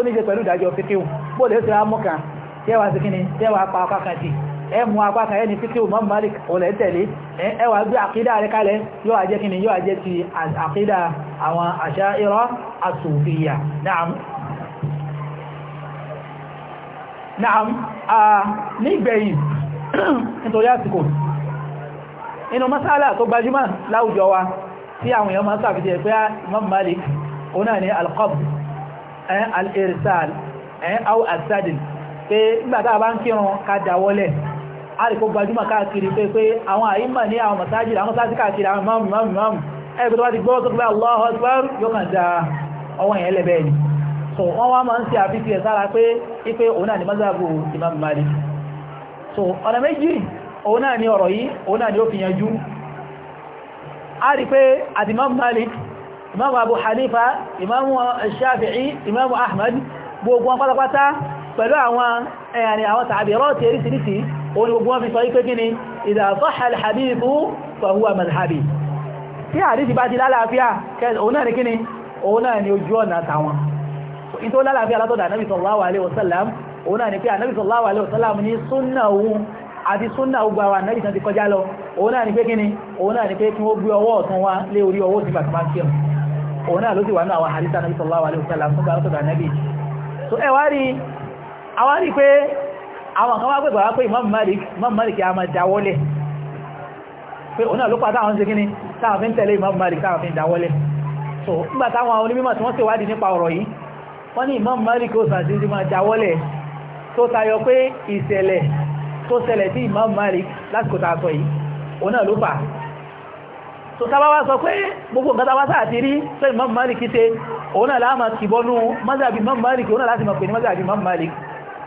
tó ẹ mú apá kan ẹni títí Imam Malik olè tẹ̀lé ẹ wá gbé àkídà rẹ kalẹ̀ yóò àjẹ́ kí ni yóò àjẹ́ ti àkídà àwọn Asha'ira as-Sufiyya na'am na'am a nígbẹ̀yìn nítorí àsìkò inú masala tó gbajúmọ̀ láwùjọ wa tí àwọn èèyàn máa sàfihàn pé Imam Malik òun náà ni al-qabd al-irsal aw as pé nígbàtà bá ń kírun ká dáwọ́lẹ̀ àríkò gbajúmọ̀ káàkiri pé pé àwọn àìmà ní àwọn mọ̀sájì àwọn sáàtì káàkiri àwọn máàmù máàmù máàmù ẹgbẹ́ tó bá ti gbọ́ tó gbá Allahu Akbar yóò kàn já ọwọ́ yẹn lẹ́bẹ̀ ni so wọ́n wá máa ń ṣe àfi tiẹ̀ sára pé ipé òun náà ni mazhabu Imam Malik so ọ̀nà méjì òun náà ni ọ̀rọ̀ yìí òun náà ni ó Imam Malik Imam Abu Hanifa Imam Shafi'i Imam Ahmad gbogbo wọn pátápátá pẹ̀lú àwọn ẹ̀yàrin eh, àwọn tàbírọ̀ tí erísìírísìí o ni gbogbo wọn fi sọ ipé gíní ìdàfáhàlì hadithu fahuwa mazhabi tí àdísì bá ti lálàáfíà òun náà ni kíní òun náà ni ojú ọ̀nà tàwọn in tó lálàáfíà látọ̀dà anábì sallallahu alaihi wasallam òun náà ni pé anábì sallallahu alaihi wasallam ní súnnà òun àti súnnà ogun àwọn anábì tán ti kọjá lọ òun náà ni pé kíní òun náà ni pé kí wọ́n gbé ọwọ́ náà ló sì so ẹ rí àwọn rí pé àwọn kan wá pẹ̀gbà wá pé Imam Malik a máa dáwọ́lẹ̀ pé òun náà ló pàtà àwọn ṣekíní táwọn fi ń tẹ̀lé Imam Malik táwọn fi ń dáwọ́lẹ̀ so nígbà táwọn onímọ̀ tí wọ́n ṣe wádìí nípa ọ̀rọ̀ yìí wọ́n ní Imam Malik ó sàn sí máa dáwọ́lẹ̀ tó tayọ pé ìṣẹ̀lẹ̀ tó ṣẹlẹ̀ sí Imam Malik lásìkò tá a sọ yìí òun náà ló fà so tá bá wá sọ pé gbogbo nǹkan tá bá sáà ti rí pé Imam Malik ṣe òun náà láàmà kìbọnú mazhabi Imam Malik òun náà láti mọ̀ pé ní mazhabi Imam Malik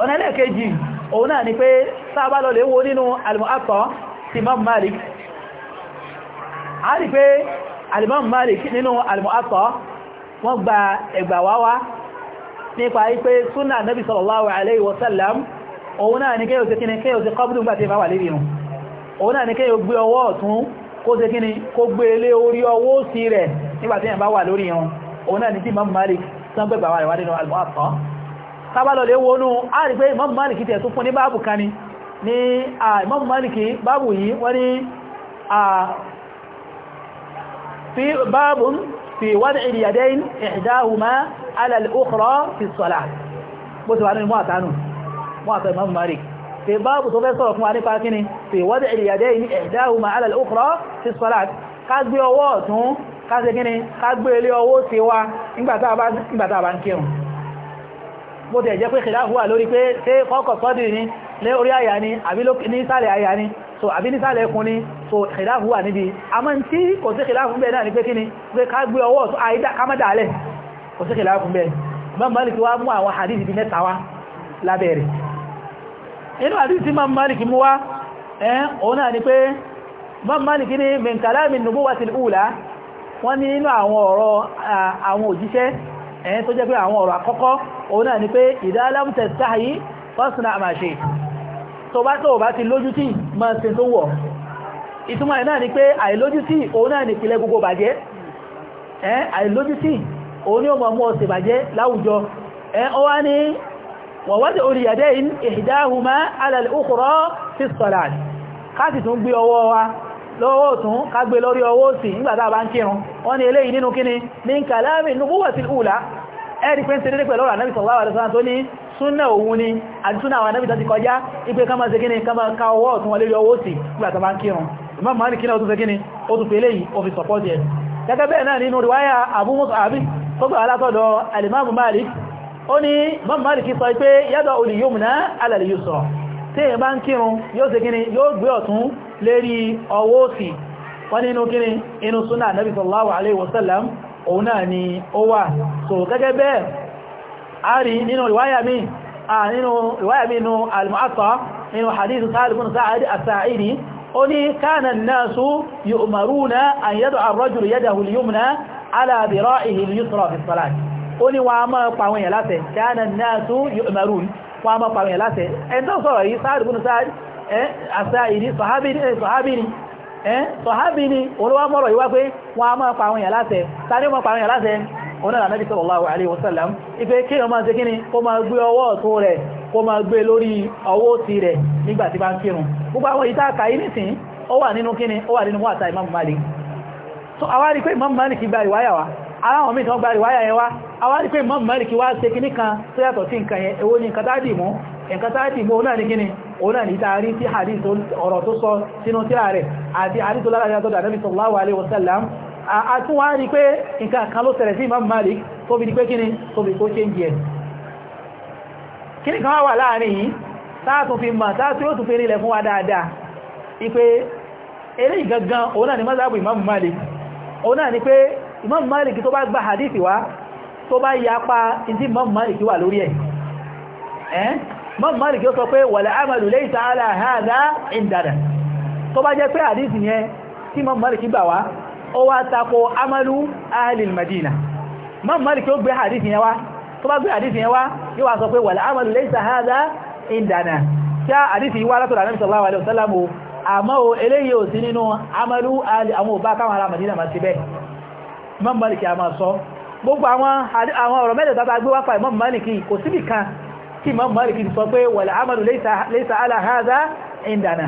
ọ̀nà ẹlẹ́ẹ̀kejì òun náà ni pé sáàbá lọ lè wo nínú al-Muwatta ti Imam Malik a rí pé al-Imam Malik nínú al-Muwatta wọ́n gba ẹgbà wá wá nípa ipé súnà nabi sallallahu alaihi wasallam òun náà ni kéyò sí kíni kéyò sí kọ́bùdù ń gbà tí ìfàwà lébìnú òun náà ni tábàlọ̀lẹ̀ wọnú a rí pé Imam Maliki tẹ̀ tó fún ní báàbù kan ní ní Imam Maliki báàbù yìí wọ́n ní fi báàbùn fi wad'i al-yadayn ihdahuma ala al-ukhra fi as-salah bó ti wà nínú mọ́àtánù mọ́àtán Imam Maliki fi báàbù tó fẹ́ sọ̀rọ̀ fún wa nípa kíni fi wad'i al-yadayn ihdahuma ala al-ukhra fi as-salah ká gbé bó tẹ̀ jẹ́ pé kìláàfù wà lórí pé ṣé kọ́kọ̀ sọ́dì ní lé orí àyà ni àbí nísàlẹ̀ àyà ni so àbí nísàlẹ̀ ẹkùn ni so kìláàfù wà níbi a mọ́ tí kò sí kìláàfù bẹ́ẹ̀ náà ni pé kí ni pé ká gbé ọwọ́ ọ̀tún àìdá kámọ́dàálẹ̀ kò sí kìláàfù bẹ́ẹ̀ Imam Malik wá mú àwọn hadith bíi mẹ́ta wá lábẹ́rẹ̀ inú hadith Imam Malik mú wá ẹ́ òun náà ni pé Imam Malik ní min kalami nubuwatil ula wọ́n ní inú àwọn ọ̀rọ̀ àwọn òjíṣẹ́ ẹ̀yìn tó jẹ́ pé àwọn ọ̀rọ̀ àkọ́kọ́ òun náà ni pé ìdálámtẹ̀ sáàyí fọ́sùnà àmàṣe tó bá tó bá ti lójútì ma ṣe tó wọ̀ ìtumọ̀ náà ni pé àìlójútì òun náà ni ìpìlẹ̀ gbogbo bàjẹ́ àìlójútì òun ni ó mọ̀ mú ọ̀sẹ̀ lọ́wọ́ òtún kágbé lórí ọwọ́ òsì nígbàtà bá ń kírun wọ́n ni eléyìí nínú kíni ní kàlámì nùbúwàtí ìhùlá ẹ̀rí pé ń ṣe dédé pẹ̀lú ọ̀rọ̀ Ànábì sallallahu alaihi wasallam tó ní súnà òun ni àti súnà àwọn Ànábì tó ti kọjá ipé ká máa ṣe kíni ká máa ká ọwọ́ ọ̀tún wọlé ọwọ́ òsì nígbàtà bá ń kírun Imam Malik náà tó ṣe kíni ó tún fi eléyìí ó fi sọpọ́tì ẹ̀ gẹ́gẹ́ bẹ́ẹ̀ náà nínú riwaya Abu Mus'ab tó gbà ọ̀tún lérí ọwọ́ òsì wọ́n nínú kíni inú súnà nabi sallallahu alaihi wasallam òun náà ni ó wà so gẹ́gẹ́ bẹ́ẹ̀ a rí nínú riwaya mi nínú riwaya mi nínú al-mu'atta nínú hadithu sa'alibun sa'ad as-sa'idi ó ní kana an-nasu yu'maruna an yad'a ar-rajulu yadahu al-yumna ala dira'ihi al-yusra fi as-salat ó ní wọ́n a máa pàwọn èèyàn láṣẹ kana an-nasu yu'marun wọ́n a pàwọn èèyàn láṣẹ ẹni tó sọ̀rọ̀ yìí àṣàìrí sọ̀hábì ni olówá mọ́rọ̀ ìwá pé wọ́n a máa pa àwọn èèyàn láṣẹ tàbí pa àwọn èèyàn láṣẹ onára náà sallallahu alaihi wasallam ife kí o máa ṣe kíni kó máa gbé ọwọ́ ọ̀tún rẹ̀ ma máa gbé lórí ti òsì rẹ̀ nígbàtí bá gbogbo Imam Malik so Imam Malik gba wa aláwọn mìí tán gba ìwáyà yẹn wá a wá Imam Malik kan nǹkan táàtì mú náà ní kíni òun náà ní ìtaari tí hadith ọ̀rọ̀ tó sọ sínú tíra rẹ̀ àti hadith lára tó dàbí sallallahu alaihi wasallam àtún wá rí pé nǹkan kan ló ṣẹlẹ̀ sí Imam Malik tó fi di pé kíni tó fi kó change ẹ̀ kíni kan wà láàrin yìí táàtún fi mọ̀ táàtún yóò tún fi rílẹ̀ fún wa dáadáa ipé eré bá yapa ìdí Imam Malik lórí ẹ̀ mọ́m malik yóò sọ pé wala amalu laysa ala hadha indana tó bá jẹ́ pé àdísì yẹn tí mọ́m malik gbà wá ó wá tako amalu ahlil madina mọ́m malik yóò gbé àdísì yẹn wá tó bá gbé àdísì yẹn wá yóò wá sọ pé wala amalu laysa hadha indana kí àdísì wá látọ̀rọ̀ ànábì malik a máa sọ gbogbo àwọn ọ̀rọ̀ mẹ́tẹ̀ẹ̀ta bá gbé wá pa malik kò síbì kan tí ma Malik ti sọ pé wal amalu laysa ala hadha indana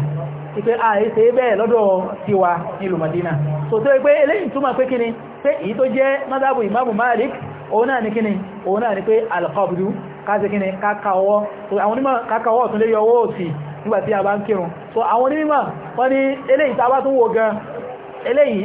ìpé àìsẹ̀ bẹ́ẹ̀ lọ́dọ̀ tiwa nílùú Madina so tó pé eléyìn túnmà pé kíni pé èyí tó jẹ́ madabu imamu Malik òun náà ni kíni òun náà ni pé alqabdu káṣe kíni kákàwọ́ àwọn onímọ̀ kákàwọ́ tún lè yọ owó òsì nígbàtí a bá ń kírun so àwọn onímọ̀ wọ́n ni eléyìí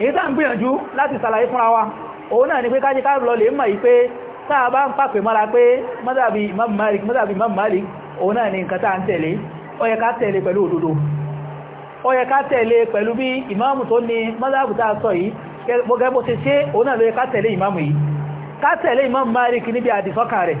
èyí tá ń gbìyànjú láti sàlàyé fúnra wa òun náà ni pé kájí káàrù lọlẹ̀ mọ̀ yìí i táà bá ń pàpè mọ́ra pé mọ́sàbí Imam Malik mọ́sàbí Imam òun náà ni nǹkan táà ń tẹ̀lé ó tẹ̀lé pẹ̀lú òdodo ó tẹ̀lé pẹ̀lú bí ìmáàmù tó ní mọ́sàbí táà sọ yìí náà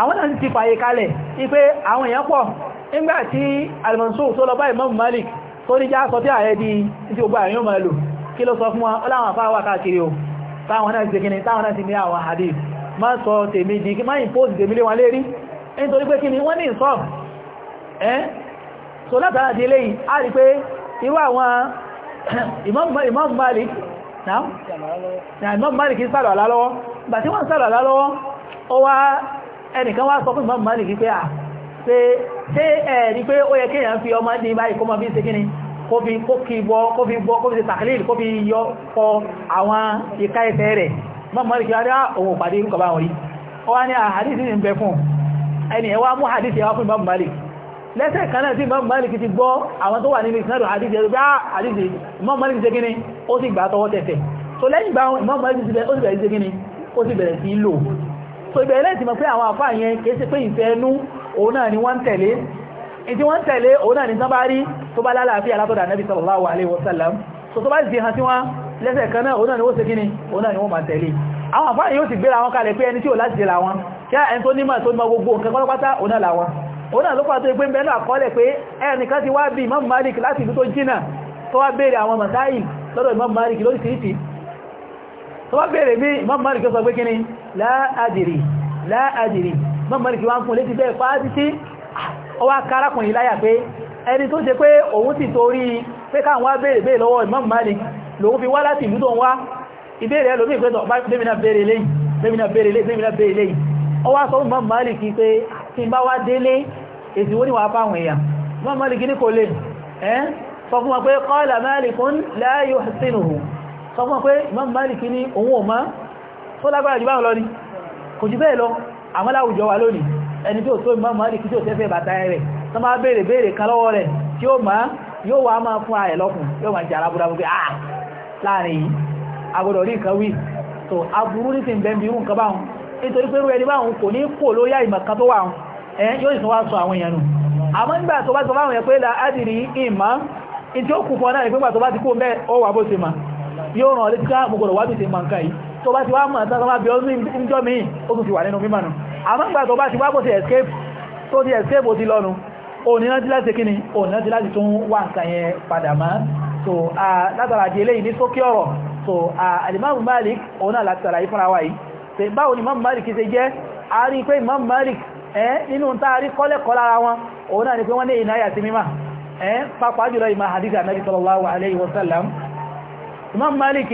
àwọn náà ti fàyè kalẹ̀ ipé àwọn èèyàn pọ̀ nígbàtí Al-Mansur tó lọ bá Imam Malik tó ní já sọ tí ààrẹ di títí ogbà àyàn máa lò kí ló sọ fún wọn láwọn afá wà káàkiri o táwọn náà ti kíni táwọn náà ti ní àwọn hadith má sọ tèmi di kí má ìpóòsì tèmi lé wọn lérí nítorí pé kíni wọ́n ní ìsọ́f ẹ́ so látara di eléyìí a rí pé irú àwọn Imam Malik náà Imam Malik ń sàrọ̀ àlá lọ́wọ́ ẹnìkan wá sọ fún Imam Malik pé à ah, ṣe ẹ̀rí pé ó yẹ kéèyàn fi ọmọ ní báyìí kó mọ bí ṣe kíni kó fi kó kí bọ́ kó fi bọ́ kó fi ṣe tàkìlìlì kó fi yọ kọ àwọn ìka ẹsẹ̀ rẹ̀ Imam Malik wá rí ah, òun pàdé irú kọba wọ̀nyí ó wá ní àhàdìsí ah, ní bẹ fún ẹni ẹwà mú àhàdìsí ẹwà fún Imam Malik lẹ́sẹ̀ kan náà tí Imam Malik ti gbọ́ àwọn tó wà nínú ìsinadò àhàdìsí ẹ̀rọ bí àhàdìsí Imam Malik ṣe kíni ó sì gbà tọwọ́ tẹ̀tẹ̀ so lẹ́yìn bá bẹ̀rẹ̀ sí lò so ibẹ̀ ẹlẹ́tì mọ̀ pé àwọn àfá yẹn kìí ṣe pé ìfẹ́ ẹnu òun náà ni wọ́n ń tẹ̀lé ìtí wọ́n ń tẹ̀lé òun náà ni tán bá rí tó bá lálàáfíà látọ̀dà nẹ́bí sallallahu alaihi so tó bá sì hàn sí wọn lẹ́sẹ̀ kan náà òun náà ni ó ṣe kíni òun náà ni wọ́n máa tẹ̀lé àwọn àfá yóò sì gbéra wọn kalẹ̀ pé ẹni tí ò láti jẹ́ra wọn kí ẹni tó nímọ̀ tó nímọ̀ gbogbo nǹkan pátápátá òun náà làwọn òun náà ló pàtó pé tó wá bèèrè bí Imam Malik sọ pé kíni láàdìrí láàdìrí Imam Malik wá ń fún létí bẹ́ẹ̀ fáájí tí ó wá kárákùnrin láyà pé ẹni tó ṣe pé òun ti torí pé káwọn wá bèèrè bèèrè lọ́wọ́ Imam Malik lòun fi wá láti ìlú tó ń wá ìbéèrè ẹlòmí ìpẹ́tọ̀ bá bèmìnà bèèrè lẹ́yìn bèmìnà bèèrè lẹ́yìn bèmìnà bèèrè lẹ́yìn ó wá sọ fún pé Imam Malik ní òun ò máa tó lágbára jù báwọn lọ ní kò jù bẹ́ẹ̀ lọ àwọn láwùjọ wa lónìí ẹni tí ó tó Imam Malik tí ó tẹ́fẹ́ bàtà rẹ̀ tó máa béèrè béèrè kan lọ́wọ́ rẹ̀ tí ó máa yóò wá máa fún ààrẹ lọ́kùn yóò máa jẹ́ alábúrábú pé àà ah, láàrin yìí agbọ́dọ̀ rí nǹkan wí tó aburú ní ti ń bẹ́m̀bí àmọ́ nígbà tó bá ti kó mẹ́ ọ bó ṣe máa yóò ràn létí ká gbogbo wábì sí ma ń ká yìí tó bá ti wá mọ̀ tán bí ọdún ìjọ mi ó tún ti wà nínú mímọ̀ nù àmọ́ ìgbà tó bá ti wá bó ti escape tó ti escape ó ti lọ́nu òní rántí láti kíni òní rántí láti tún wà nǹkan yẹn padà mọ́ so látara di eléyìí ní sókè ọ̀rọ̀ so alimamu Malik òun náà láti sàlàyé fúnra wa yìí so báwo ni Imam Malik ṣe jẹ́ a rí pé Imam Malik ẹ́ nínú tá a rí kọ́lẹ̀kọ́ lára wọn òun náà ni pé wọ́n ní ìnáyà sí mímọ̀ ẹ́ pápá jùlọ ìmọ̀ hadith Ànábì sallallahu alaihi wasallam imam Malik،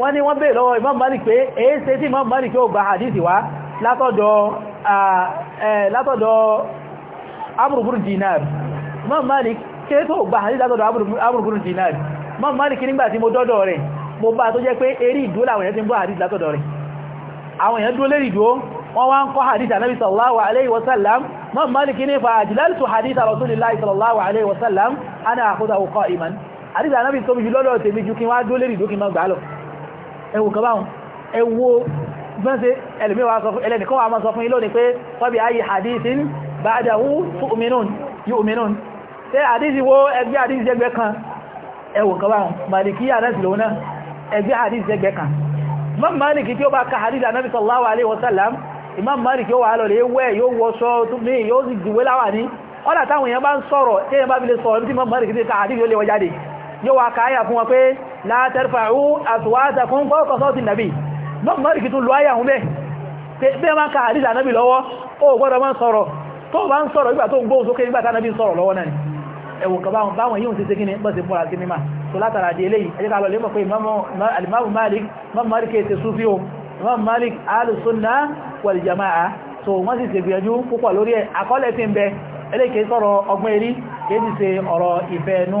wọ́n ní wọ́n bèèrè lọ́wọ́ imam malik pé èé ṣe tí imam malik ó gba hadith wá látọ̀dọ̀ amuruburu dinar imam malik ṣe tó gba hadith látọ̀dọ̀ amuruburu dinar imam malik nígbàtí mo dọ́dọ̀ rẹ̀ mo bá tó jẹ́ pé eré ìdúró làwọn èèyàn ti ń bọ́ hadith látọ̀dọ̀ rẹ̀ àwọn èèyàn dúró lérí ìdúró wọ́n wá ń kọ́ hadith anabi sallallahu alaihi wasallam imam malik ní fa ajilaltu hadith rasulillahi sallallahu alaihi wasallam ana akhudha qa'iman àdìsí ànábì tóbi jù lọ́dọ̀ tèmi ju kí wá dó lérí ìdókì máa gbà lọ ẹwò kan báwọn ẹwò gbọ́nse ẹlẹ́nìkan wà máa sọ fún yín lónìí pé tọ́bi ayé hadithin ba'dahu tu'minun yu'minun ṣe àdìsí wo ẹgbẹ́ àdìsí ẹgbẹ́ kan ẹwò kan báwọn màlìkí ànábì lòun náà ẹgbẹ́ àdìsí ẹgbẹ́ kan imam malik tí ó bá ka hadith ànábì sallallahu alaihi wasallam imam malik yóò wà lọ lè wẹ́ yóò wọ́ṣọ́ tó ní yóò sì jùwé láwà yóò wà káyà fún wọn pé la tarfa'u aswatakum fawqa sawti nàbí lọ́pùmọ́rì kì tún lọ ayà hún bẹ́ bí ẹ máa ka àdíjà náàbì lọ́wọ́ ó gbọ́dọ̀ máa sọ̀rọ̀ tó bá ń sọ̀rọ̀ nígbà tó ń gbóhùn sókè nígbà tánàbì sọ̀rọ̀ lọ́wọ́ náà ni ẹ̀wọ̀n kan báwọn yíò ti ṣe kí ni bọ́sí fún àti mímá tó látara di eléyìí ẹjẹ́ ká lọ lé mọ̀ pé alimamu malik imam malik ètè sufi o imam malik alùsùnà ọgbọ́n erí kìí sì ọ̀rọ̀ ìfẹ́ ẹnu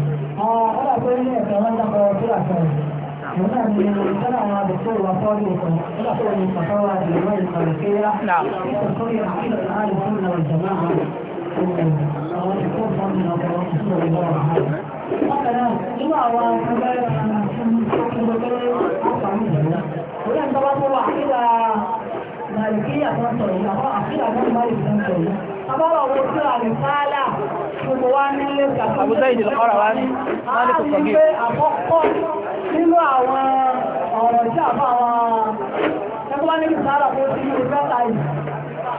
ọ̀rọ̀ tó ní pàtàkì àdìsọ́ ìkàlẹ̀ kéyà nítorí àkílẹ̀ àdìsọ́ ìlànà náà nínú ń sọ̀rọ̀ àkílà Àbúzá ìdí lọ́kọ́ra wá ní Máàlìkù Sọ̀gí. Àkọ́kọ́ nínú àwọn ọ̀rọ̀ tí àbá àwọn ẹgbẹ́ ní ìsára fún sí ní ìfẹ́ta yìí.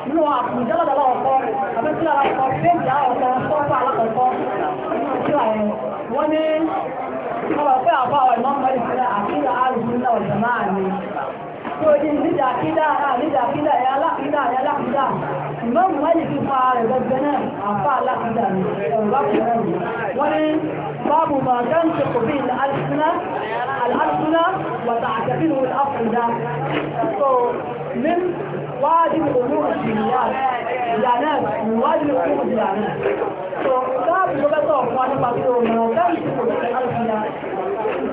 Nínú àkùnjẹ́lọ́dọ̀lọ́ ọ̀kọ́, àbẹ́sílẹ̀ ọ̀kọ́, péjì àọ̀kọ́, sọ́pọ̀ alákọ̀ọ́kọ́ nínú tí àyẹ̀. Wọ́n ní ọ̀rọ̀ pé àbá ọ̀rọ̀ ìmọ̀ tó ní nídà kídà nídà kídà ẹ̀ alákídà ẹ̀ alákídà ìmọ̀mù wáyé fi fa rẹ̀ gbẹgbẹ náà àfa alákídà ní ẹ̀rọ wọ́n ní báàbù mà gáǹtì kò bí alásùnà alásùnà wàtà àtẹ̀bínú àfúndà so min واجب الامور الدينيات الاعلانات من واجب الامور الدينيات so باب لغة أخواني بابيرو ما لا يمكن أن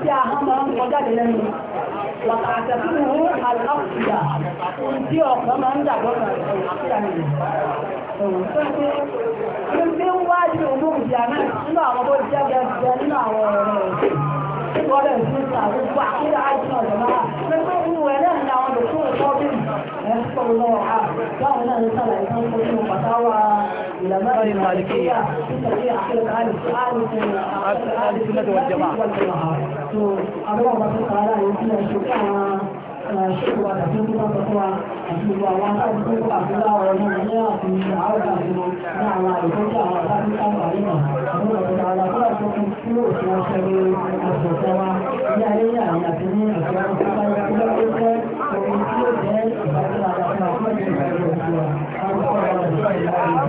tí a hàn máa ń kọjá lè lẹ́nu wàtà àtẹ̀kùnrin ní àlàáfíà tí ọ̀pọ̀ máa ń dàgbọ́ kan àlàáfíà nìyí. Ṣé ṣé ń wá ní ògùn ìyá náà nínú àwọn tó jẹ́ nínú àwọn ọ̀rọ̀ يذكر الله كان الانسان انسان قديم فتاوى علماء المالكيه في عقيده اهل السنه والجماعه أبو بكر قال يمكن أن يشكرنا شكوى تكون تقوى أشكوى وأن تكون عبد الله والمؤمنين في عودة نعم لكل أعراض أمرنا أبو بكر قال كل شيء فلوس وشيء أسوأ يعني يعني أبني أسوأ